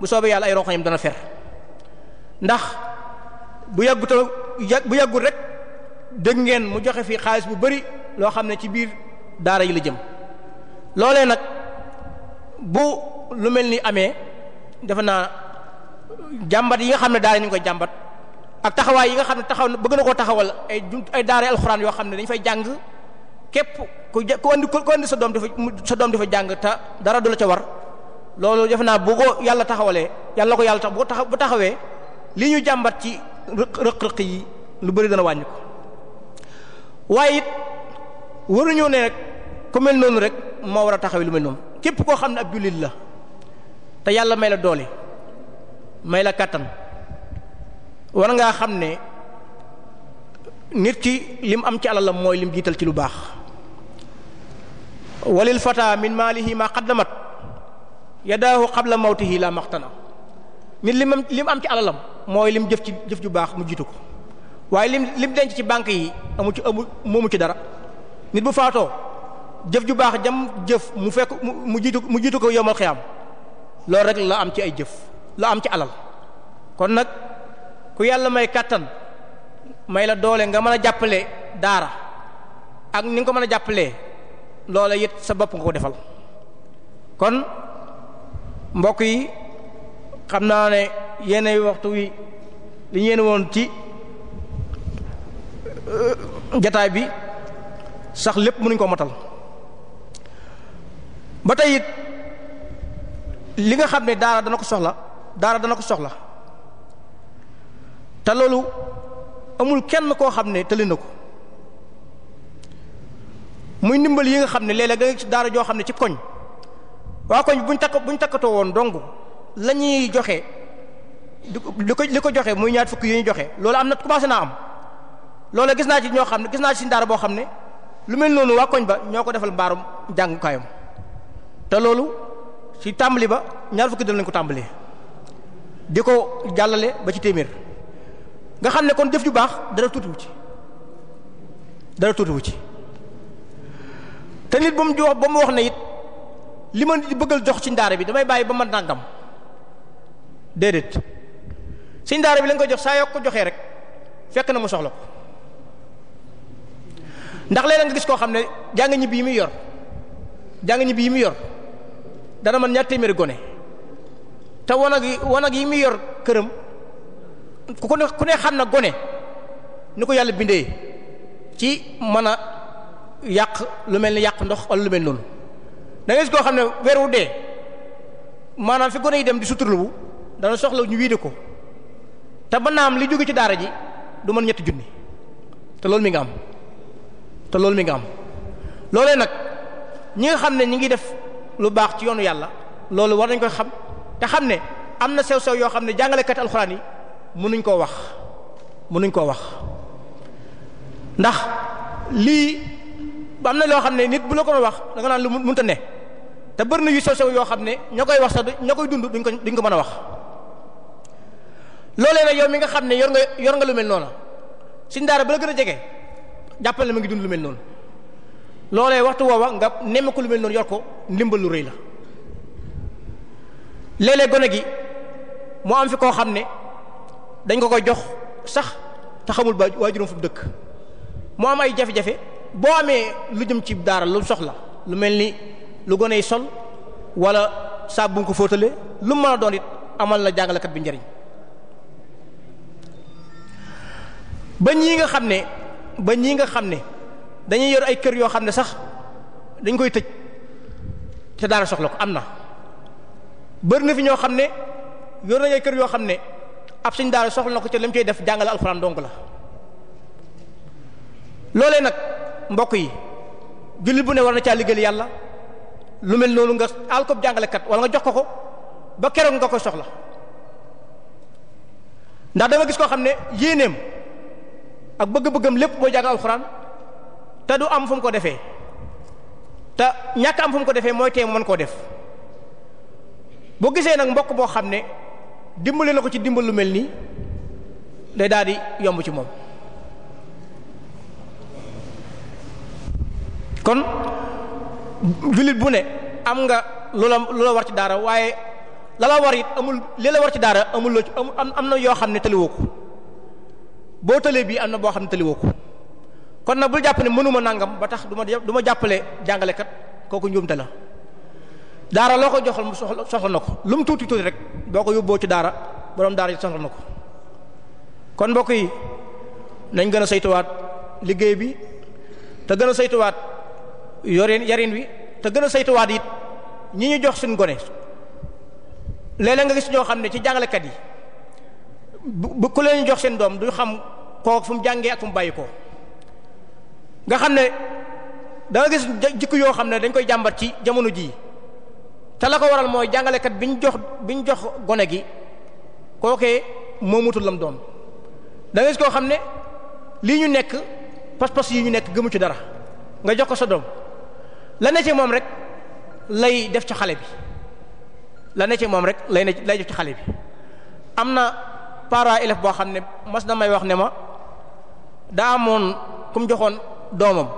[SPEAKER 2] bu soobee yàlla ay ronxoñam dana fer ndax bu yàgguta bu yàggul rek dégg ngeen mu joxe fii xaalis bu bari loo xam ne ci biir daara yi la jëm loole nag bu lu mel ni amee defe naa jàmbat yi nga xam ne daara ñu ngi koy jàmbat ak taxawaay yi nga xam ne taxaw na bëgg na koo taxawal ay jumt ay daara alxuraan yoo xam ne dañu fay jàng képp ku ku andi ku andi sa doom dafa sa doom dafa jàng te dara du la ca war loolu defe naa bu ko yàlla taxawalee yàlla ko yàlla tax bu taxawee. li ñu jàmbat ci rëq-rëq yi lu bëri dana wàññi ko waaye it waruñoo ne rek ku mel noonu rek moo war a taxawee lu mel noonu képp koo xam ne ak jullit la te yàlla may la doole may la kàttan war ngaa xam ne nit ki lim am ci la mooy lim jiital ci lu baax walil fata min maalihi ma qaddamat yadaahu qabla mawtihi la maxtana nit li mu li am ci alalam mooy lim jëf ci jëf ju baax mu jiitu ko waaye lim lim denc ci banque yi amu ci amu moomu ci dara nit bu faatoo jëf ju baax jam jëf mu fekk mu jiitu mu jiitu ko yomal xiyam loolu rek la am ci ay jëf la am ci alal kon nag ku yàlla may kàttan may la doole nga mën a jàppale daara ak ni nga ko mën a jàppalee loola it sa bopp nga ko defal kon mbokk yi xam naa ne yeneen waxtu wi li ñu yéene woon ci euh, jataay bi sax lépp mënuñ ko matal ba tey it li nga xam ne daara dana ko soxla daara dana ko soxla te loolu amul kenn koo xam ne tëli na ko muy ndimbal yi nga xam ne léeg-léeg da ci daara joo xam ne ci koñ waa koñ buñ takk buñ takkatoo woon dong la ñuy joxe li ko li ko joxe muy ñaar fukk yu ñu joxe loolu am na commencé naa am loolu gis naa ci ñoo xam ne gis naa ci daara boo xam ne lu mel noonu waa koñ ba ñoo ko defal mbaarum jàngukaayam te loolu ci tàmbali ba ñaar fukki dal lañ ko tàmbalee di ko jàllale ba ci téeméer nga xam ne kon def ju baax dara tuutiwu ci dara tuutiwu ci te nit ba mu wax ba mu wax na it li ma bëggal jox ci ndaara bi damay bàyyi ba ma nàngam déedéet sëñ daara bi la nga ko jox saa yoo ko joxee rek fekk na mu soxla ko ndax léeg nga gis koo xam ne jàng ñibbi yi muy yor jàng ñibbi yi yor dana man ñaar téeméeri gone te wanag yi wanag yi yor këram ku ko ne ku ne xam na gone ni ko yàlla bindee ci mën a yàq lu mel ni yàq ndox wala lu mel noonu da gis koo xam ne weer wu dee maanaam fi gone yi dem di suturlu dana soxla ñu wiide ko te mën naa am li jóge ci daara ji du mën ñetti junni te loolu mi nga am te loolu mi nga am loolee nag ñi nga xam ne ñi ngi def lu baax ci yoonu yàlla loolu war nañ koy xam te xam ne am na sew-sew yoo xam ne jàngale jàngalekat alxuraan yi mënuñ koo wax mënuñ koo wax ndax lii am na loo xam ne nit bu la ko wax danga nga naan lu mënta ne te bëri na yu sew-sew yoo xam ne ña koy wax sax ña koy dund duñ ko duñ ko mën a wax loole nag yow mi nga xam ne yor nga yor nga lu mel noonu suñ daara ba la gën a jege jàppale na ma ngi dund lu mel noonu loolee waxtu woowa nga nemme ko lu mel noonu yor ko ndimbal lu rëy la léeg gone gi moo am fi koo xam ne dañ ko ko jox sax te xamul ba waajuram fu dëkk moo am ay jafe-jafe boo amee lu jëm ci daara lu soxla lu mel ni lu gone yi sol wala saabu bu ko fóotale lu mën a doon it amal la jàngalekat bi njariñ ba ñii nga xam ne ba yii nga xam ne dañuy yor ay kër yoo xam ne sax dañ koy tëj te daara soxla ko am na bëri na fi ñoo xam ne yor nañ ay kër yoo xam ne ab sëñ daara soxla na ko ci li mu cay def jàngale alxuraan donk la loolee nag mbokk yi jullit bu ne war na caa liggéeyal yàlla lu mel noonu nga àll jàngalekat wala nga jox ko ko ba keroog nga koy soxla ndax dama gis koo xam ne yéeneem ak bëgg am lépp booy jàng alxuraan te du am fu ko defee te ñàkk am fu ko defee mooy tee mën koo def boo gisee nag mbokk boo xam ne dimbali na ko ci dimbal lu mel nii day daal di yomb ci moom kon jullit bu ne am nga lu la war ci daara waaye lala la amul li war ci daara amul loo am am na yoo xam ne tëliwoo ko boo tëlee bii am na boo xam ne tëliwoo ko kon nag bu jàpp ne mënuma nàngam ba tax duma ma du jàppale jàngalekat kooku njuumte la daara loo ko joxal mu soxla soxla na ko lu mu tuuti tuuti rek boo ko yóbboo ci daara borom daara yi soxla na ko kon mbokk yi nañ gën a saytuwaat liggéey bi te gën a saytuwaat yoreen yarin wi te gën a saytuwaat it ñi ñu jox suñ gone léeg-léeg nga gis ñoo xam ne ci jàngalekat yi bu ku leen jox seen doom du xam kooku fu mu jàngee ak fu bàyyi ko nga xam ne danga gis jikko yoo xam ne dañ koy jàmbat ci jamono jii te la ko waral mooy jàngalekat bi ñu jox bi jox gone gi kookee moomutul lam doon da nga gis koo xam ne lii ñu nekk pas-pas yi ñu nekk gëmu ci dara nga jox ko sa doom la ne moom rek lay def ci xale bi la ne moom rek lay lay def ci xale bi am na parent élève boo xam ne mas na may wax ne ma daa amoon ku joxoon doomam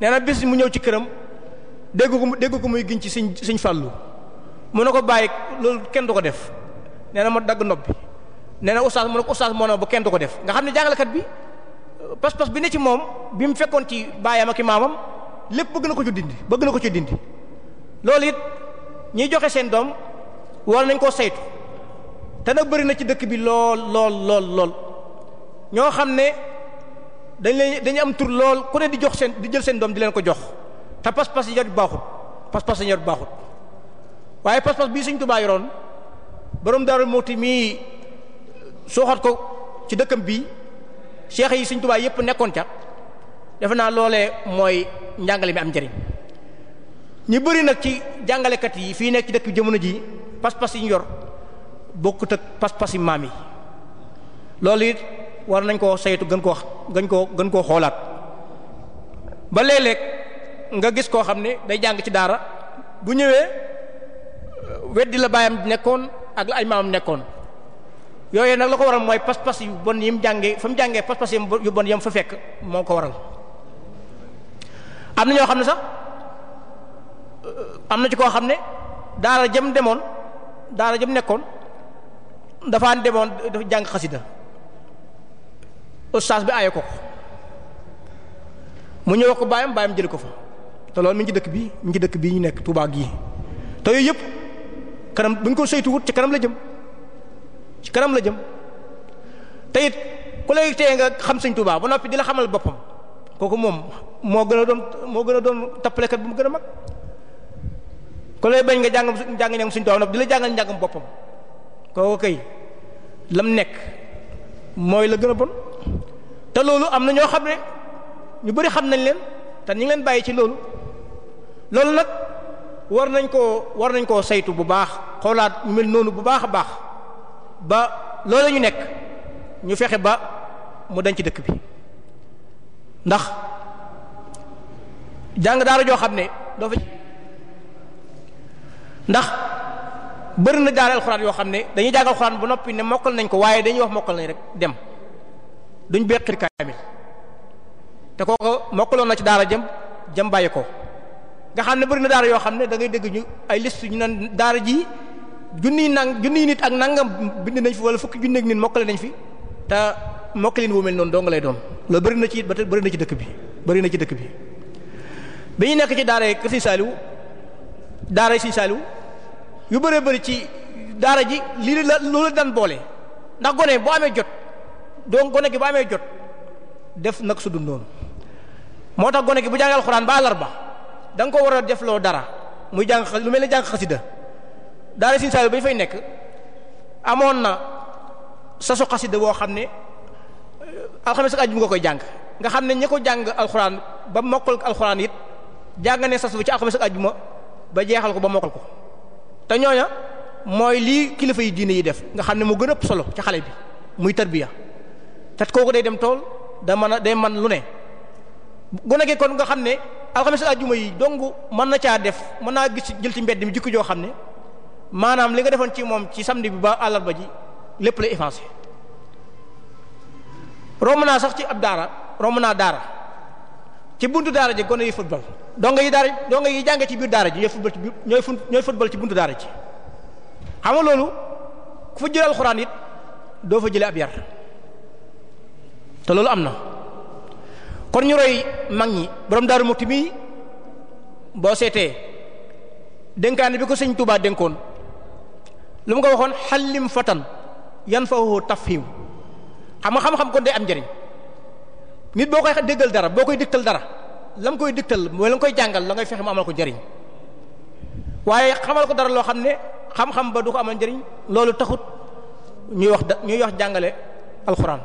[SPEAKER 2] nee na bis mu ñëw ci këram dégg ko dégg ko muy giñ ci suñ suñ fàllu mu ne ko bàyyi loolu kenn du ko def nee na ma dagg nopp bi nee na oustaz mu ne ko oustaz moo bu kenn du ko def nga xam ne jàngalekat bi euh, pas-pas bi ne ci moom bi mu fekkoon ci baayam ak maamam lépp bëgg na ko ci dindi bëgg na ko ci dindi loolu it ñiy joxe seen doom war nañ koo saytu. te na bëri na ci dëkk bi lool lool lool lool ñoo xam ne dañ leen dañu am tur lool ku ne di jox seen di jël seen doom di leen ko jox te pas-pas yi yor baaxut pas-pas yi yor baaxut waaye pas-pas bii Sëriñ Tuubaa yoroon borom Daaru Muxti mii sooxat ko ci dëkkam bii cheikh yi Sëriñ Tuubaa yépp nekkoon ca defe naa loolee mooy njàngale mi am njëriñ ñi bëri nag ci jàngalekat yi fii nekk ci dëkk bi jamono ji pas-pas yi ñu yor. bokkut ak pas-pasi maam yi loolu it war nañ koo saytu gën koo gën koo gën koo xoolaat ba léeg-léeg nga gis koo xam ne day jàng ci daara bu ñëwee euh, di la baayam nekkoon ak la ay maamam nekkoon yooyu nag la ko waral mooy pas-pas yu bon yi mu jàngee fa mu jàngee pas-pas yu bon yam fa fekk moo ko waral am na ñoo xam ne sax euh, am na ci koo xam ne daara jëm demoon daara jëm nekkoon dafaa demoon dafa jàng xasida ustaas bi aye ko ko mu ñëw ko baayam baayam jëli ko fa te loolu mi ngi ci dëkk bi mi dëkk bii ñu nekk tuubaa gii te yooyu yëpp kanam bu ñu ko saytuwut ci kanam la jëm ci kanam la jëm te it ku lay teye nga xam sañ Touba ba noppi di la xamal boppam kooku moom moo gën a doon moo gën a doon tappalekat bu mu gën a mag ku lay bañ nga jàngam jàng njàngam sëñ Touba noppi di la jàngal njàngam boppam. kooku kay lam nekk mooy la gën a bon te loolu am na ñoo xam ne ñu bari xam nañ leen te ni ngi leen bàyyi ci loolu loolu nag war nañ koo war nañ koo saytu bu baax xoolaat mel noonu bu baax a baax ba loolu ñu nekk ñu fexe ba mu dañ ci dëkk bi ndax jàng daara joo xam ne doo fa ndax bëri na daara alxuraan yoo xam ne dañuy jàng alxuraan ba noppi ne mokkal nañ ko waaye dañuy wax mokkal nañ rek dem duñ beqir kaamil te kooku mokkaloon na ci daara jëm jëm bàyyi ko nga xam ne bëri na daara yoo xam ne da ngay dégg ñu ay liste ñu naan daara ji junniy nang junniy nit ak nangam bind nañ fi wala fukki junni ak nit mokkale nañ fi te mokkalin wu mel noonu doo nga lay doon loolu bëri na ci ba bëri na ci dëkk bi bëri na ci dëkk bi bi ñu nekk ci daara yi kër si yu bëree bëri ci daara ji lii la loolu daan boole ndax gone boo amee jot donc gone gi bu amee jot def nag su dul moo tax gone ki bu jàngal xuraan ba àllarba da war a def dara muy jàng lu mel ni jàng xasida daara sin saa ba ñu fay nekk amoon na sasu xasida boo xam ne euh, alxames ak àjjuma nga koy jàng nga xam ne ñi ko jàng alxuraan ba mokkal alxuraan yit jàng ne sas bu ci alxames ak àjjuma ba jeexal ko ba mokkal ko te ñooña mooy lii kilifa yi diine yi def nga xam ne mu gën a ëpp solo ci xale bi muy tarbiya te kooku day dem tool da mën a day man lu ne gone gi kon nga xam ne alxames àjjuma yi dong mën na caa def mën naa gis jël ci mbedd mi jikko joo xam ne maanaam li nga defoon ci moom ci samedi bi ba àllarba ji lépp la effacé romb naa sax ci ab daara romb naa daara ci buntu daara ji gone yi football dong yi daara dong yi jànge ci biir daara ji ñooy football ci biir ñooy ñooy football ci buntu daara ji xam nga loolu ku fa jëlee alxuraan it doo fa jële ab yar te loolu am na. kon ñu roy mag ñi borom daaru Muxti mi boo seetee dénkaane bi ko sëñ Touba dénkoon lu mu ko waxoon xallim fatan yan fa woo tafhim xam nga xam-xam kon day am njëriñ. nit boo koy déggal dara boo koy dégtal dara lam koy dégtal mooy la nga koy jàngal la ngay fexe mu amal ko njariñ waaye xamal ko dara loo xam ne xam-xam ba du ko amal njariñ loolu taxut ñuy wax da ñuy wax jàngale alxuraan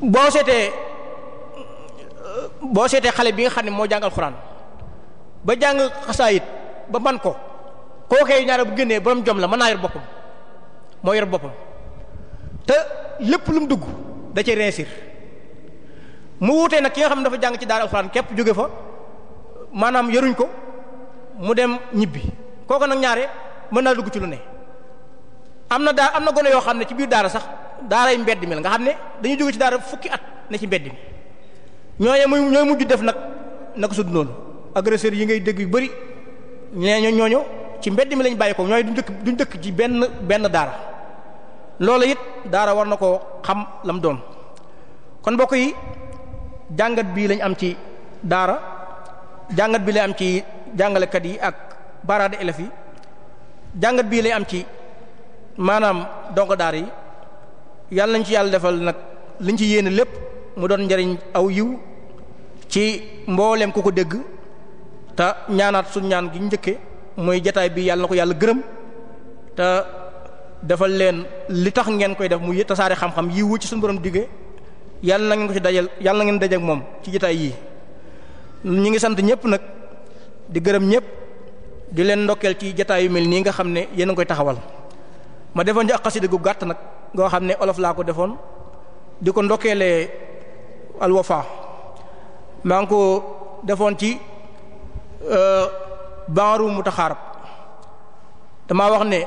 [SPEAKER 2] boo seetee boo seetee xale bi nga xam ne moo jàng alxuraan ba jàng xasaayit ba man ko kookee ñaare bu génnee borom jom la mën naa yor boppam moo yor boppam te lépp lu dugg da cay réussir mu wuutee nag ki nga xam ne dafa jàng ci daara alxuraan képp jóge fa maanaam yaruñ ko mu dem ñibbi kooku nag ñaare mën naa dugg ci lu ne am na daa am na gone yoo xam ne ci biir daara sax daaray mbedd mi la nga xam ne dañuy jóge ci daara fukki at ne ci mbedd mi ñooñu muy ñooy mujj def nag naka su noonu agresseur yi ngay dégg yu bëri ñooñu ñooñu ci mbedd mi lañ bàyyi ko ñooy du dëkk duñ dëkk ci benn benn daara. loola it daara war na koo xam lam doon kon mbokk yi jàngat bii lañ am ci daara jàngat bi lay am ci jàngalekat yi ak baraade élèves yi jàngat bii lay am ci maanaam dongo daara yi yàlla nañ ci yàlla defal nag liñ ci yéene lépp mu doon njariñ aw yiw ci mbooleem ku ko dégg te ñaanaat suñ ñaan gi njëkke mooy jataay bi yàlla na ko yàlla gërëm te defal leen li tax ngeen koy def muy tasaare xam-xam yi wu ci suñu borom digge na ngeen ko ci dajal yàlla na ngeen dajeek moom ci jotaay yii ñu ngi sant ñëpp nag di gërëm ñëpp di leen ndokkeel ci jotaay yu mel nii nga xam ne yéen a koy taxawal ma defoon ci ak xasida gu gàtt nag ngoo xam ne olof laa ko defoon di ko ndokkeelee Al Wafa maa ngi ko defoon ci euh, banru mutaxaarab dama wax ne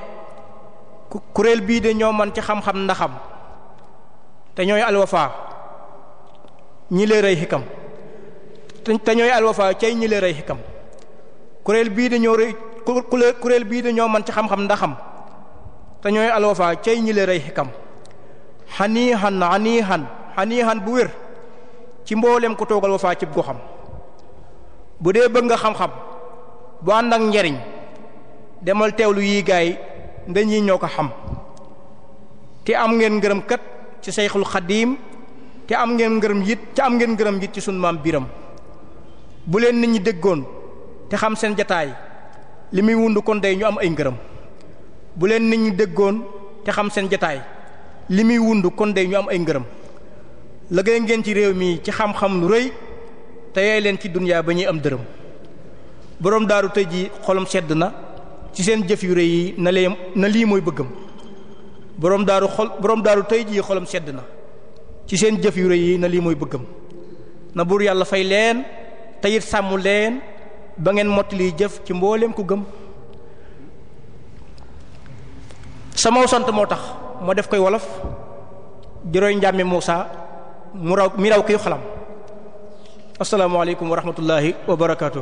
[SPEAKER 2] kuréel bii de ñoo man ci xam-xam ndaxam te ñooy alwafa ñi lee rey xikam te ñooy alwafa cay ñi lee xikam kuréel bii de ñoo rey bii de ñoo man ci xam-xam ndaxam te ñooy alwafa cay ñi lee rey xikam xaniixan xaniixan xaniixan bu wér ci mboolem ku toogal wafa cib goxam bu dee bëgg nga xam-xam bu ànd njariñ demal teewlu yi gaay nda ñii ñoo ko xam te am ngeen ngërëm kat ci sayxul xadiim te am ngeen ngërëm yit te am ngeen ngërëm yit ci sunu maam biram bu leen nit ñi déggoon te xam seen jataay li muy wund kon day ñu am ay ngërëm bu leen nit ñi déggoon te xam seen jataay li muy wund kon day ñu am ay ngërëm ngeen ci réew mi ci xam-xam lu rëy te yaay leen ci dunyaa ba ñuy am dërëm boroom daaru tey ji xolam sedd na ci seen jëf yu rëy yi na na lii mooy bëggam borom daaru xol borom daaru tey jii xolam sedd na ci seen jëf yu rëy yi na lii mooy bëggam na buur yàlla fay leen te it sàmm leen ba ngeen mottali jëf ci mbooleem ku gëm sama sant moo tax moo def koy wolof juróoy njàmme Muusa mu raw mi raw koy xalam asalaamaaleykum wa rahmatullahi wa
[SPEAKER 1] barakaatu.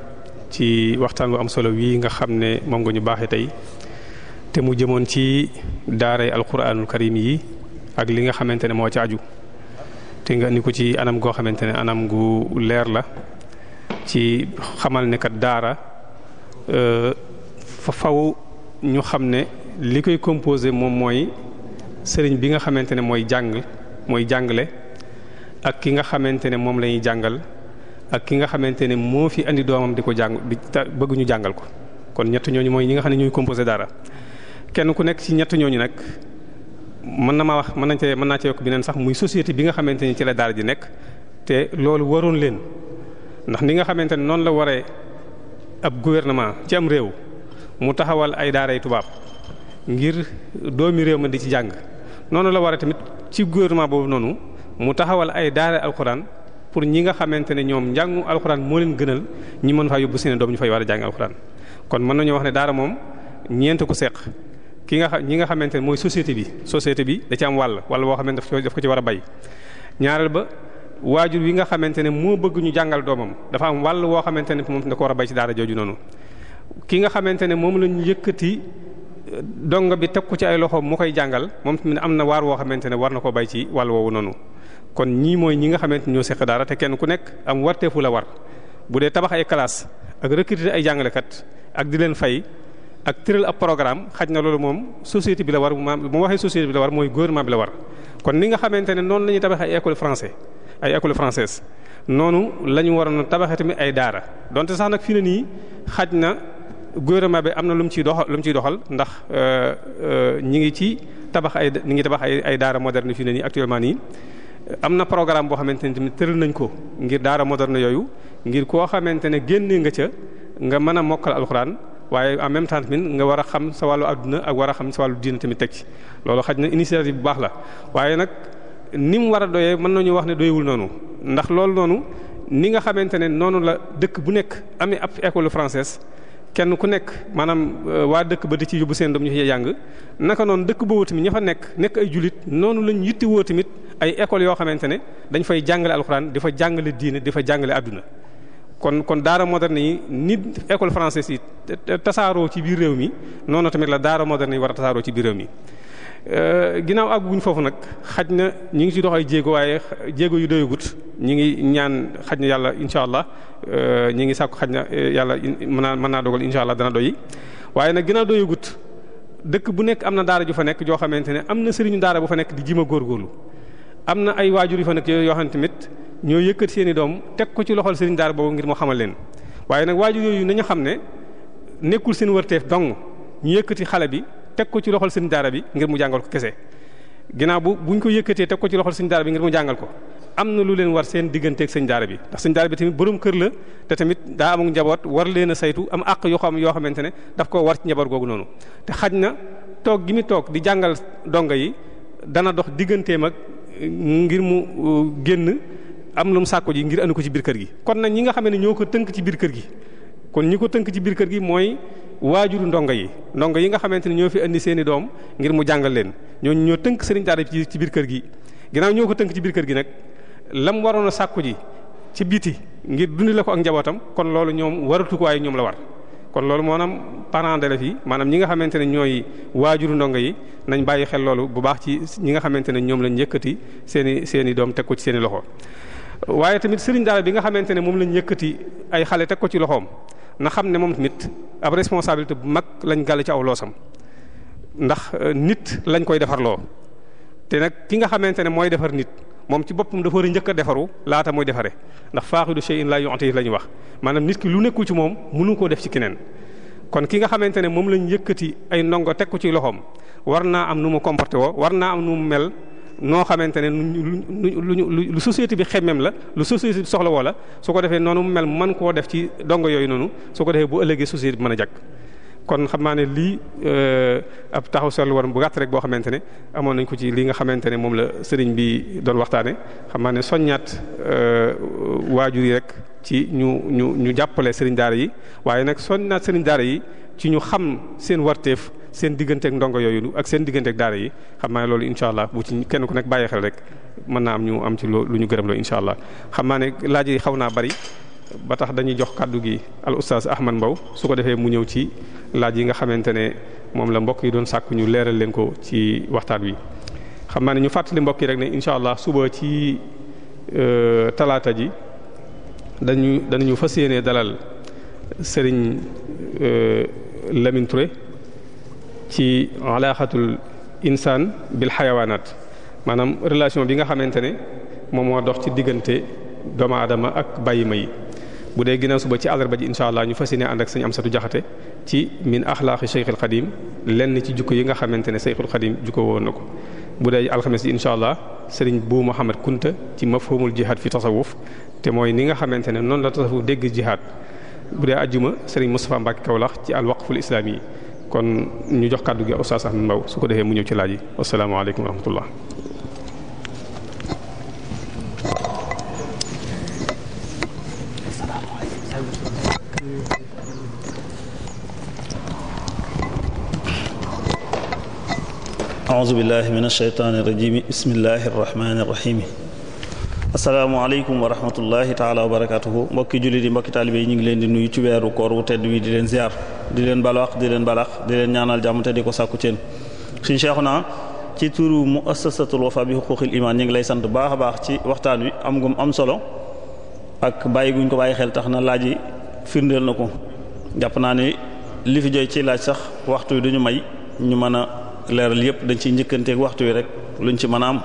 [SPEAKER 1] ci waxtaan wu am solo wii nga xam ne moom nga ñu baaxee tey te mu jëmoon ci daaray alquranul karim yi ak li nga xamante ne moo ci aju te nga ni ko ci anam goo xamante ne anam gu leer la ci xamal ne kat daara euh, fa faw ñu xam ne li koy composé moom mooy sëriñ bi nga xamante ne mooy jàng mooy jàngale ak ki nga xamante ne moom lañuy jàngal. ak ki nga xamante ne moo fi indi doomam di ko jàng bi bëgg ñu jàngal ko kon ñett ñooñu mooy ñi nga xam ne ñooy composé dara kenn ku nekk ci ñett ñooñu nag mën na ma wax mën nañ cee mën naa cee yokk beneen sax muy société bi nga xamante ni ci la daara ji nekk te loolu waroon leen ndax ni nga xamante ne noonu la waree ab gouvernement ci am réew mu taxawal ay daaray tubaab ngir doomi réew ma di ci jàng noonu la waree tamit ci gouvernement boobu noonu mu taxawal ay daara alxuraan pour ñi nga xamante ne ñoom njàngu alxuraan moo leen gënal ñi mën faa yóbbu seen doom ñu fay war a jàng alxuraan kon mën nañoo wax ne daara moom ñeent ku seq ki nga xam ñi nga xamante ne mooy société bi société bi da ci am wàll wala boo xamante ne daf ko ci war a bay ñaareel ba waajur wi nga xamante ne moo bëgg jàngal doomam dafa am wàll woo xamante ne moom da ko war a bay ci daara jooju noonu ki nga xamante ne moom lañu yëkkati dongo bi teg ko ci ay loxoom mu koy jàngal moom tamit am na waar woo xamante ne war na koo bay ci wàll woowu noonu kon ñii mooy ñi nga xamante ñoo seq daara te kenn ku nekk am warteefu la war bu dee tabax ay classe ak recruter ay jàngalekat ak di leen fay ak tëral ab programme xaj na loolu moom société bi la war ma mu waxee société bi la war mooy gouvernement bi la war kon ni nga xamante ne noonu lañuy ñuy tabax ay école français ay école française noonu la ñu waroon tabaxee tamit ay daara donte sax nag fii na nii xaj na gouvernement bi am na lu mu ciy doxal lu mu ciy doxal ndax euh, euh, ñi ngi ci tabax ay ñi ngi tabax ay ay daara moderne fii na nii actuellement nii am na programme boo xamante ne tamit tëral nañ ko ngir daara moderne yooyu ngir koo xamante ne génne nga ca nga mën a mokkal alxuraan waaye en même temps tamit nga war a xam sa wàllu àdduna ak war a xam sa wàllu diina tamit teg ci loolu xaj na initiative bu baax la waaye nag ni mu war a doyee mën nañu wax ne doyewul noonu ndax loolu noonu ni nga xamante ne noonu la dëkk bu nekk amee ab école française kenn ku nekk maanaam euh, waa dëkk ba di ci yóbbu seen doom ñu ci jàng naka noonu dëkk boobu tamit ña fa nekk nekk ay jullit noonu lañ yittewoo tamit ay écoles yoo xamante ne dañ fay jàngale alxuraan di fa jàngale diine di fa jàngale àdduna kon kon daara moderne yi nit école française yi tasaaroo ci biir réew mi noonu tamit la daara moderne yi war a tasaaroo ci biir réew mi. Euh, ginnaaw àgguñ foofu nag xaj na ñu ngi ci dox ay jéego waaye jéego yu doyagut ñu ngi ñaan xaj na yàlla incha allah euh, ñu ngi sàkku xaj na euh, yàlla mën naa mën naa dogal incha dana doy waaye nag ginnaaw doyagut dëkk bu nekk am na daara ju fa nekk joo xamante ne am na sëriñu daara bu fa nekk di jima góorgóorlu am na ay waajur yu fa nekk yoo xam tamit ñoo yëkkat seen i teg ko ci loxol sëriñu daara boobu ngir moo xamal leen waaye nag waajur yooyu nañu xam ne nekkul seen wërteef dong ñu yëkkati xale bi teg ko ci loxol seen daara bi ngir mu jàngal ko kese ginnaaw bu buñ ko yëkkatee teg ko ci loxol sëñ daara bi ngir mu jàngal ko am na lu leen war seen digganteeg sëñ daara bi ndax sëñ daara bi tamit borom kër la te tamit daa amul njaboot war leen saytu am àq yoo xam yoo xamante ne daf ko war ci njaboot googu noonu te xaj na toog gi mu toog di jàngal donga yi dana dox digganteem ak ngir mu génn am lu mu sàkko ji ngir andi ko ci biir kër gi kon nag ñi nga xam ne ñoo ko tënk ci biir kër gi kon ñi ko tënk ci biir kër gi mooy waajuru ndongo yi ndongo yi nga xamante ne ñoo fi indi seen i doom ngir mu jàngal leen ñooñu ñoo tënk sëriñ daara ci ci biir kër gi ginnaaw ñoo ko tënk ci biir kër gi nag lam waroon a sàkku ji ci biti ngir dundi la ko ak njabootam kon loolu ñoom waratu ko waaye ñoom la war kon loolu moonaam parents d'élèves yi maanaam ñi nga xamante ne ñooy waajuru ndongo yi nañ bàyyi xel loolu bu baax ci ñi nga xamante ne ñoom lañ yëkkati seen i seen doom teg ko ci seen i loxo waaye tamit sëriñ daara bi nga xamante ne moom lañ yëkkati ay xale teg ko ci loxoom na xam ne moom tamit ab responsabilité bu mag lañ gàll ci aw loosam ndax euh, nit lañ koy defarloo te nag ki nga xamante ne mooy defar nit moom ci boppam dafa war a njëkk a defaru laata mooy defare ndax faaxidu shay'in la yu'ti la ñu wax maanaam nit ki lu nekkul ci moom mënu koo def ci keneen kon ki nga xamante ne moom lañ yëkkati ay ndongo teg ci loxoom war naa am nu mu comporté woo war naa am nu mu mel noo xamante ne lu lu lu société bi xemmem la lu société bi soxla woo la su ko defee noonu mu mel man koo def ci dongo yooyu noonu su ko defee bu ëllëgee société bi mën a jag kon xam naa ne lii euh, ab taxaw seetlu war bu gàtt rek boo xamante ne amoon nañ ko ci li nga xamante ne moom la sëriñ bi doon waxtaane xam naa ne soññaat euh, waajur yi rek ci ñu ñu ñu jàppale sëriñ daara yi waaye nag soññaat sëriñ daara yi ci ñu xam seen warteef seen digganteeg ndongo yooyu ak seen digganteeg daara yi xam naa ne loolu incha allah bu ci kenn ku nekk bàyyi xel rek mën naa am ñu am ci lu ñu gërëm loo incha allah xam naa ne laaj yi xaw naa bari ba tax dañuy jox kàddu gi al oustaz Ahmad Mbow su ko defee mu ñëw ci laaj yi nga xamante ne moom la mbokk yi doon sàkku ñu leeral leen ko ci waxtaan wi. xam naa ne ñu fàttali mbokk yi rek ne incha allah suba ci euh, talaata ji dañu dañu fas yéene dalal Serigne euh, Lamine ci alaaxatul insaan bil xayawaanaat maanaam relation bi nga xamante ne moom moo dox ci diggante doomu aadama ak bàyyi ma yi bu dee ginnaaw suba ci àllarba ji incha allah ñu fas yéene ànd ak sa Amsatu Jaxate ci min axlaaqi Seyxul Xadiim lenn ci jukko yi nga xamante ne Seyxul Xadiim jukko woon na ko. bu dee alxames ji incha allah sëriñ bu Muhammad Kunta ci mafhumul jihaad fi tasawuf te mooy ni nga xamante ne noonu la tasawuf dégg jihaad bu dee ajjuma sëriñ Moustapha Mbacke Kawlax ci alwaqful islaami kon ñu jox kàddu gi Oustaz Ahmed Mbaw su ko defee mu ñëw ci laaj yi asalaamaaleykum wa rahmatullah
[SPEAKER 3] a'uuzu billahi min ash-shaytaani rajiim bismillahi rahmaani rahiim asalaamaaleykum wa rahmatullahi taala wa barakatuhu mbokki jullit yi mbokki taalibe yi ñu ngi leen di nuyu ci weeru koor wu tedd wi di leen ziar di leen balax di leen balax di leen ñaanal jàmm te di ko sàkku ceen suñu cheikhu naa ci turu muassasatul wafa bi xuquqil iman ñu ngi lay sant baax a baax ci waxtaan wi am gum am solo ak bàyyi guñ ko bàyyi xel tax na laaj yi firndeel na ko jàpp naa ne li fi joy ci laaj sax waxtu wi duñu may ñu mën a leeral yépp dañ ciy njëkkanteeg waxtu wi rek luñ ci mën a am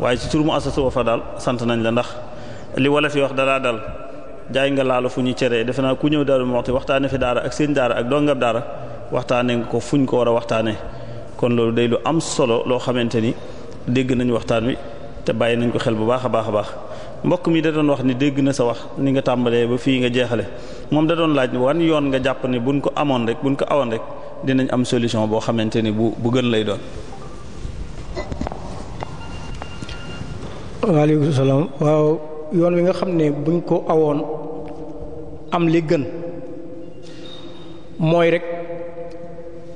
[SPEAKER 3] waaye ci tur sa asasa Wafa daal sant nañ la ndax li wala fi wax dalaa dal jaay nga laalo fu ñu ceree def naa ku ñëw daal mu waxti waxtaane fi daara ak seen daara ak dongab daara waxtaane nga ko fuñ ko war a waxtaane kon loolu day lu am solo loo xamante ni dégg nañu waxtaan wi te bàyyi nañ ko xel bu baax a baax a baax mbokk mi da doon wax ni dégg na sa wax ni nga tàmbalee ba fii nga jeexale moom da doon laaj wan yoon nga jàpp ne buñ ko amoon rek buñ ko awoon rek dinañ am solution boo xamante ni bu bu gën lay doon
[SPEAKER 2] waaleykum salaam waaw yoon wi nga xam ne buñ ko awoon am li gën mooy rek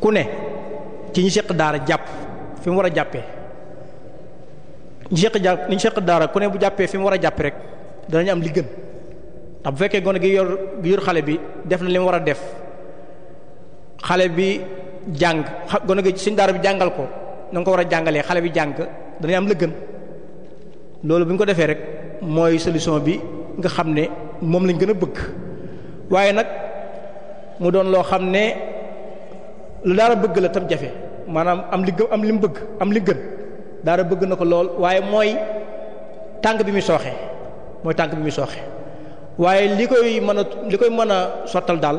[SPEAKER 2] ku ne ci ñi seq daara jàpp fi mu war a jàppee ñi seq jàpp ñi seq daara ku ne bu jàppee fi mu war a jàpp rek danañ am li gën ndax bu fekkee gone gi yor gi yor xale bi def na li mu war a def xale bi jàng gone gi suñ daara bi jàngal ko na nga ko war a jàngalee xale bi jàng danañ am la gën loolu bu ñu ko defee rek mooy solution bi nga xam ne moom lañ gën a bëgg waaye nag mu doon loo xam ne lu daara bëgg la tam jafe maanaam am li gë am li mu bëgg am li gën daara bëgg na ko lool waaye mooy tànk bi muy sooxee mooy tànk bi muy sooxe waaye li koy mën a li koy mën a sottal daal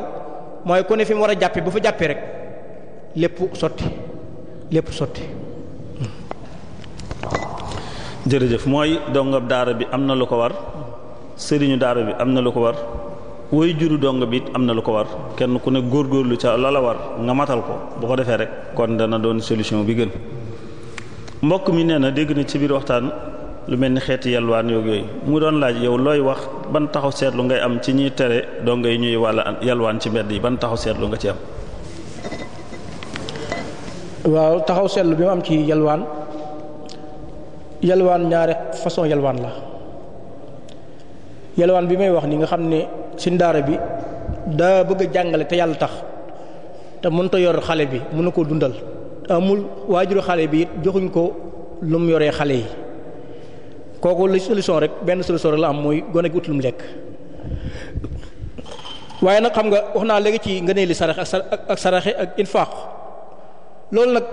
[SPEAKER 2] mooy ku ne fi mu war a jàppee bu fa jàppee rek lépp sotti lépp sotti
[SPEAKER 3] jërëjëf mooy dongab daara bi am na lu ko war sëriñu daara bi am na lu ko war woy juru donga bi am na lu ko war kenn ku ne góor góorgóorlu ca la war nga matal ko bu ko defee rek kon dana doon solution bi gën mbokk mi nee na dégg na ci biir waxtaan lu mel ni xeeti yalwaan yoog yooyu mu doon laaj yow looy wax ban taxaw seetlu ngay am ci ñuy tere dongo yi ñuy wàlla yalwaan ci mbedd yi ban taxaw seetlu nga ci am
[SPEAKER 2] waaw taxaw seetlu bi mu am ci yalwaan yalwaan ñaari façon yalwaan la yalwaan bi may wax ni nga xam ne suñ daara bi daa bëgg jàngale te yàlla tax te mënut yor xale bi mën na koo dundal amul waajur xale bi it joxuñ ko lu mu yoree xale yi kooku li solution rek benn solution rek la am mooy gone gi ut lu lekk waaye nag xam nga wax naa léegi ci nga nee li sarax ak saraxe ak infaaq loolu nag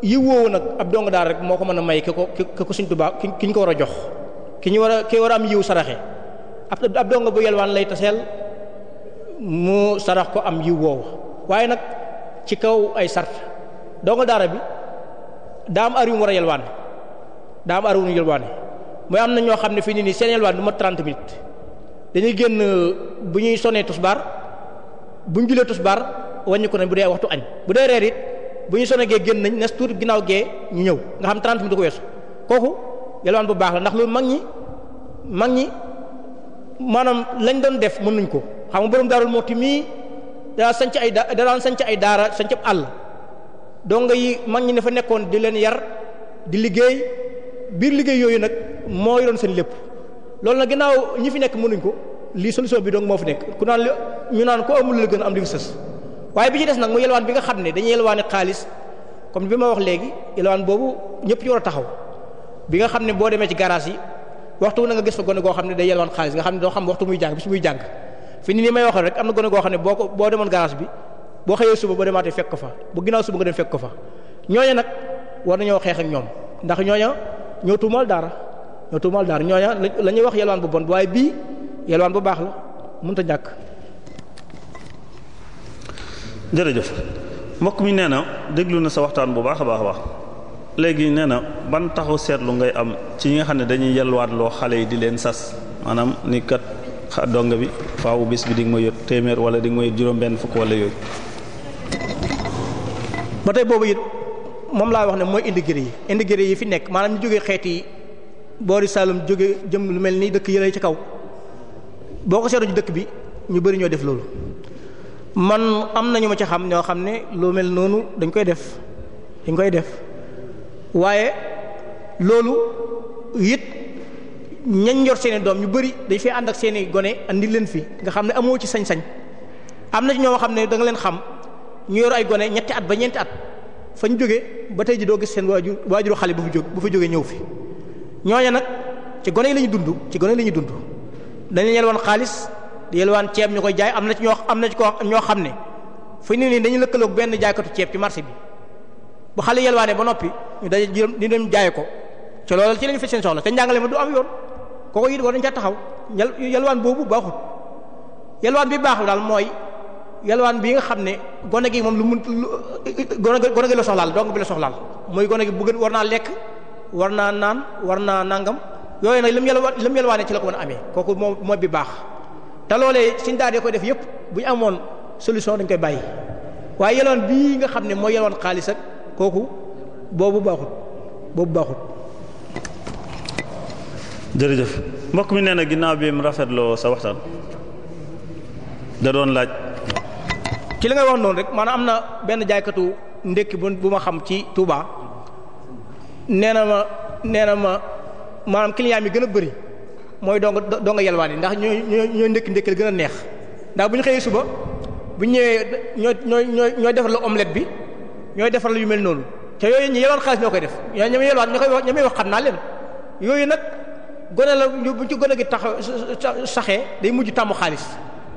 [SPEAKER 2] yiw woowu nag ab dong daal rek moo ko mën a may ki ko ki ko ki ko war a jox ki ñu war a ki war am yiw saraxe ab dong bu yelwaan lay taseel mu sarax ko am yiw woowu waaye nag ci kaw ay sart donga daara bi daam ar yu mu war a yelwaan daam ar yu ñu yelwaane mooy am na ñoo xam ne fii nii nii seen yelwaan du ma 30 minutes dañuy génn bu ñuy sonnee tusbaar bu ñu julee tusbaar wàññi ko nañ bu dee waxtu añ bu dee reer bu ñu sonn génn nañ nes tuuti ginnaaw gee ñu ñëw nga xam 30 minutes du ko weesu kooku yelwaan bu baax la ndax loolu mag ñi mag ñi maanaam lañ doon def mën nañ ko xam nga borom daarul mooti mii daa sanc ay da daan sanc ay daara sanc ab àll donga yi mag ñi ne fa nekkoon di leen yar di liggéey biir liggéey yooyu nag moo yoroon seen lépp loolu na ginnaaw ñi fi nekk mënuñ ko lii solution bi donc moo fi nekk ku naan ñu naan ko amul la gën am di sës waaye bi ci des nag mu yelwaan bi nga xam ne dañuy yelwaane xaalis comme bi ma wax léegi yelwaan boobu ñëpp ci war a taxaw bi nga xam ne boo demee ci garage yi waxtu na nga gis fa gone goo xam ne day yelwaan xaalis nga xam ne doo xam waxtu muy jàng bis muy jàng fi ni ni may waxee rek am na gone goo xam ne boo ko boo demoon garage bi boo xëyee suba boo demaatee fekk ko fa bu ginnaaw suba nga dem fekk ko fa ñooña nag war nañoo xeex ak ñoom ndax ñooña ñoo tuumal dara ñoo tuumal dara ñooña la ñuy wax yelwaan bu bon waaye bii yelwaan bu baax la mënut a ñàkk
[SPEAKER 3] jërëjëf mbokk mi nee na déglu na sa waxtaan bu baax a baax a baax léegi nee na ban taxu seetlu ngay am ci ñi nga xam ne dañuy yalwaat loo xale yi di leen sas maanaam ni kat donga bi faawu bis bi di nga ma yot téeméer wala di nga ma yot juróom-benn fukk wala yooyu. ba tey boobu it
[SPEAKER 2] moom laa wax ne mooy indi indigéré yi indigéré yi fi nekk maanaam ñu jógee xeeti yi boori Saloum jóge jëm lu mel ni dëkk yële ci kaw boo ko seetlu ci dëkk bi ñu bari ñoo def loolu. man am nañu ma ci xam ñoo xam ne lu mel noonu dañ koy def dañ koy def waaye loolu it ñañ yor seeni doom ñu bari dañ fee ànd ak seeni gone andi leen fi nga xam ne amoo ci sañ-sañ am na ci ñoo xam ne da leen xam ñu yor ay gone ñetti at ba ñeenti at fañ jóge ba tey ji doo gis seen waajur waajuru xale bu fi jóg bu fi jógee ñëw fi ñooñe nag ci gone yi la ñu dund ci gone yi la dund dañ leen woon xaalis di yelwaan ceeb ñu ko jaay am na ci ñoo am na ko ñoo xam ne fu ñu nii dañu lëkkaloog benn jaaykatu ceeb ci marché bi bu xale yelwaanee ba noppi ñu daje di dem jaay ko ci loolu ci lañu fekk seen soxla te njàngale ma du am yoon kooku it war nañ ca taxaw yelwaan boobu baaxul yelwaan bi baaxul daal mooy yelwaan bi xam ne gone gi moom lu mun gone gi la soxlaal dong bi la soxlaal mooy gone gi bu gën war naa lekk war naa naan war naa nangam yooyu nag lim yelwaan lim yelwaanee ci la ko amee kooku moom mooy bi baax te loolee suñ daal koy def yëpp bu ñu amoon solution dañ koy bàyyi waaye yeloon bii nga xam ne mooy yeloon xaalis kooku boobu baaxut boobu baaxut.
[SPEAKER 3] jërëjëf mbokk mi nee na ginnaaw bi mu rafetloo sa waxtaan da doon laaj.
[SPEAKER 2] ci li ngay wax noonu rek maanaam am na benn jaaykatu ndékki bu ma xam ci Touba nee na ma nee na ma maanaam client mi gën a bari mooy doo nga doo nga yalwaan yi ndax ñoo ñoo ñoo ndékki ndékki la gën a neex ndax bu ñu xëyee suba bu ñëwee ñooy ñoo ñoo ñoo defar la omelette bi ñooy defar la yu mel noonu te yooyu ñu yelwaan xaalis ñoo koy def ñoo ñoo yelwaan ñoo koy wax ñoo may wax xam naa leen yooyu nag gone la bu ci gone gi tax saxee day mujj tàmm xaalis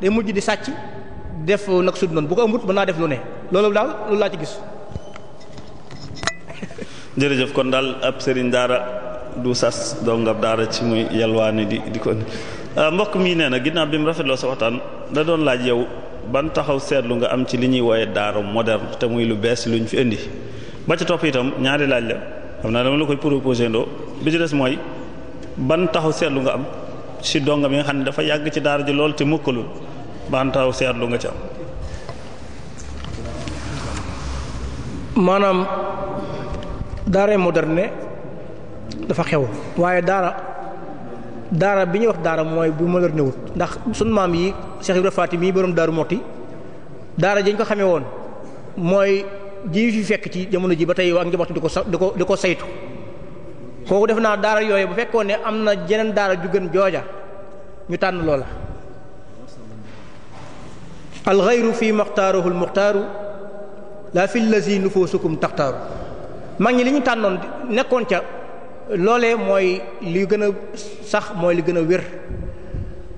[SPEAKER 2] day mujj di sàcc def nag sud noonu bu ko amut mën naa def lu ne loolu daal loolu laa ci gis.
[SPEAKER 3] jërëjëf kon daal ab sëriñ daara. du sas dongam daara ci muy yalwaani di di ko euh, mbokk mi nee na ginnaaw bi mu rafetloo sa waxtaan da doon laaj yow ban taxaw seetlu nga am ci li ñuy wooye daara moderne te muy lu bees luñ fi indi ba ca topp itam laaj xam naa dama la koy proposé ndoo bi ci des mooy ban taxaw seetlu nga am ci donga bi nga xam ne dafa yàgg ci daara ji lool te mukkalul ban taxaw seetlu nga ci am
[SPEAKER 2] maanaam daara moderne dafa xew waaye daara daara bi ñuy wax daara mooy bu malheur newut ndax sunu maam yi Cheikh Ibrahima Faty mii borom Daaru Muxti daara dañ ko xamee woon mooy ji fi fekk ci jamono ji ba tey ak njabootu di ko sa di ko saytu kooku def naa daara yooyu bu fekkoon ne am na jeneen daara ju gën jooja ñu tànn loola alxeyru fi maxtaaruhu almuxtaaru laa fi lazi nufusukum taxtaaru mag ñi li ñu tànnoon nekkoon ca loole mooy li gën a sax mooy li gën a wér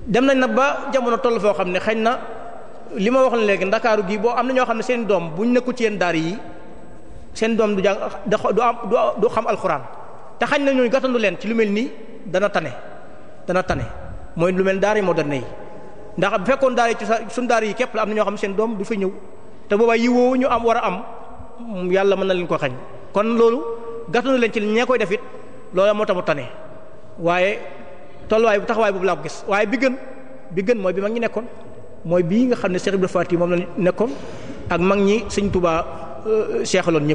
[SPEAKER 2] dem nañ na ba jamono toll foo xam ne xañ na li ma wax léegi ndakaaru gi boo am na ñoo xam ne seen doom bu ñu nekku ci yeen daar yi seen doom du jàng du am du xam alxuraan te xañ na ñooñu gàttandu leen ci lu mel nii dana tane dana tane mooy lu mel daara moo moderne yi ndax bu fekkoon daara yi ci suñu daara yi képp la am na ñoo xam ne seen doom du fa ñëw te boobaa yi woowu ñu am war a am yàlla mën na leen ko xañ kon loolu gàttandu loola moo tax mu tane waaye tolluwaay bu taxawaay boobu laa ko gis waaye bi gën bi gën mooy bi mag ñi nekkoon mooy bii nga xam ne Cheikh Ibrahima Fati moom la nekkoon ak mag ñi Sëriñ Tuubaa euh, seexaloon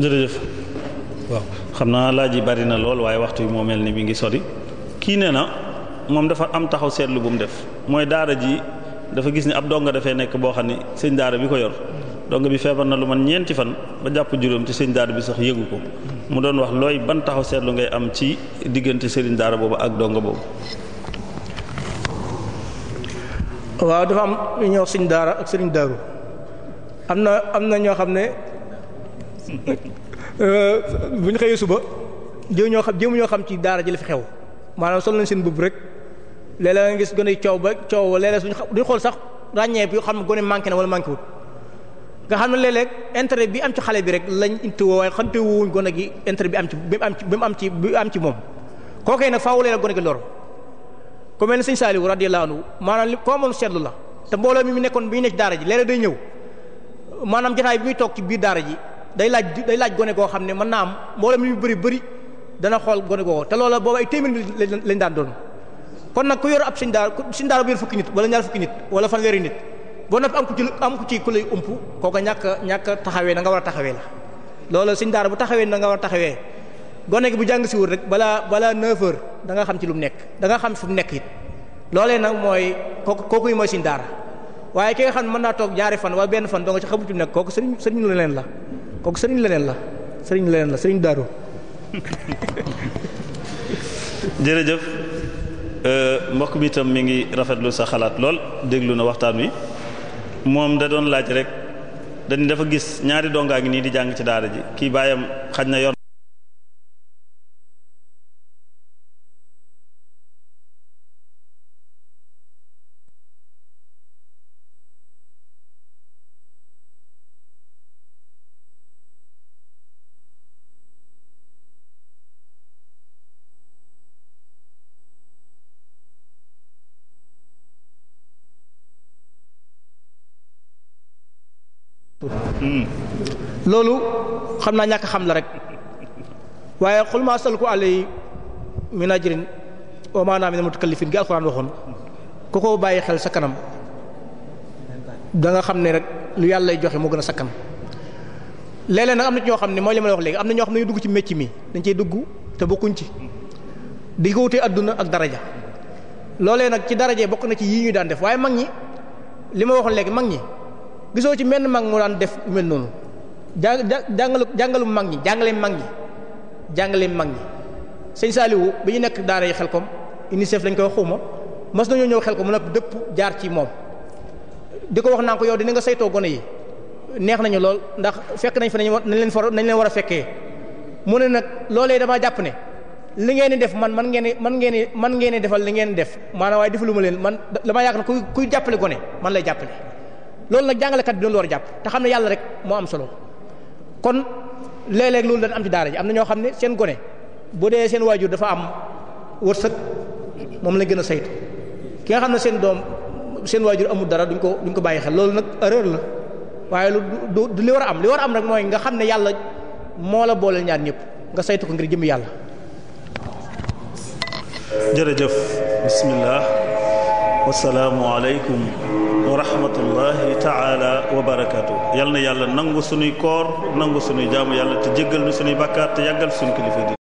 [SPEAKER 3] jërëjëf waaw xam naa laaj yi bari na lool waaye waxtu yi moo mel ni mi ngi sori kii nee na moom dafa am taxaw seetlu bu mu def mooy daara ji dafa gis ni ab donga dafay nekk boo xam ne sëñ daara bi ko yor. dong bi feebar na lu man ñeenti fan ba jàpp juróom ci sëñ daara bi sax yëgu ko mu doon wax looy ban taxaw seetlu ngay am ci diggante sëriñ daara boobu ak dong boobu. waaw
[SPEAKER 2] dafa am lu sëñ daara ak sëriñ daaru am na am na ñoo xam ne euh, bu ñu xëyee suba jéem ñoo xam jëm ñoo xam ci daara ji la fi xew maanaam sol nañ seen bubb rek léeg-léeg nga gis gën a coow ba coow léeg-léeg suñu duñu xool sax ràññee bi xam gone manqué na wala manqué wut. nga xam ne léeg-léeg intérêt bi am ci xale bi rek lañ intewoo waaye xamte woowuñ gone gi intérêt bi am ci bi am ci bi am ci bi am ci moom kookee nag faaw léeg-léeg gone gi lor ku mel ne sëñ Saliou radiyallahu anhu maanaam li koo moom seetlu la te mbooloo mi mu nekkoon bi ñu nekk daara ji léeg-léeg day ñëw maanaam jotaay bi muy toog ci biir daara ji day laaj day laaj gone goo xam ne mën naa am mbooloo mi bëri bëri dana xool gone goo te loola booba ay téeméer lañ daan doon kon nag ku yor ab sëñ daara sëñ daara wala ñaar fukki nit boo noppi am ku ci am ku ci ku lay ump kooka ñàkk ñàkk taxawee na nga war a taxawee la loolu suñ daara bu taxawee na nga war a taxawee gone gi bu jàng si rek balaa balaa 9 heures da xam ci lu mu nekk da nga xam fu mu nekk it loolee nag mooy kooku kooku yi mooy suñ daara xam ne mën naa toog ñaari fan wala benn fan doo nga ci xamul ci lu nekk kooku sëriñ sëriñ leneen la kooku sëriñ leneen la sëriñ leneen la sëriñ daaru
[SPEAKER 3] jërëjëf euh, mbokk mi itam mi ngi rafetlu sa xalaat lool déglu na waxtaan wi moom da doon laaj rek dañ dafa gis ñaari dongaa ngi nii di jàng ci daara ji kii baayam xaj na yoon
[SPEAKER 2] Hmm. loolu xam naa ñàkk xam la rek waaye xul ma asalku alay min ajrin wa ma ana min mutakallifin gi alxuraan waxoon ku ko bàyyi xel sa kanam danga xam ne rek lu yàlla lay joxe moo gën a sakkan léeg-léeg nag am na ñoo xam ne mooy li ma la wax léegi am na ñoo xam ne dañuy dugg ci mécc mi dañ cey dugg te bokkuñ ci di ko wutee adduna ak daraja loolee nag ci daraja bokk na ci yii ñuy daan def waaye mag ñi li ma waxoon léegi mag ñi. gisoo ci menn mag mu daan def mel noonu jàng jàngalu mu mag ñi jàngale mag ñi jàngale mag ñi sëñ Saliou bi ñu nekk daara yi Xelkom UNICEF lañ koy xuma mas nañoo ñëw Xelkom mu nag dëpp jaar ci moom di ko wax naa ko yow dina nga saytoo gone yi neex nañu lool ndax fekk nañ fa nañ nañ leen for nañ leen war a fekkee mu ne nag loolee damaa jàpp ne li ngeen di def man man ngeen man ngeen man ngeen defal li ngeen def maanaam waaye defaluma leen man dama yaakaar ne kuy kuy jàppale gone man lay jàppale. loolu nag jàngalekat bi doon war a jàpp te xam ne yàlla rek moo am solo kon léeg loolu dañ am ci daara ji am na ñoo xam ne seen gone boo dee seen waajur dafa am war wërsëg moom lañ gën a saytu ki xam ne seen doom seen waajur amul dara duñ ko duñ ko bàyyi xel loolu nag erreur la waaye lu du li war a am li war a am rek mooy nga xam ne yàlla moo la booleel ñëpp nga saytu ko ngir jëm yàlla.
[SPEAKER 3] jërëjëf bismillah wasalaamu aleykum wa rahmatullahi taala wa barakaatu yal na yàlla nangu sunuy koor nangu sunuy jaamu yàlla te jéggal nu sunuy bàkkaar te yàggal suñu kilifa di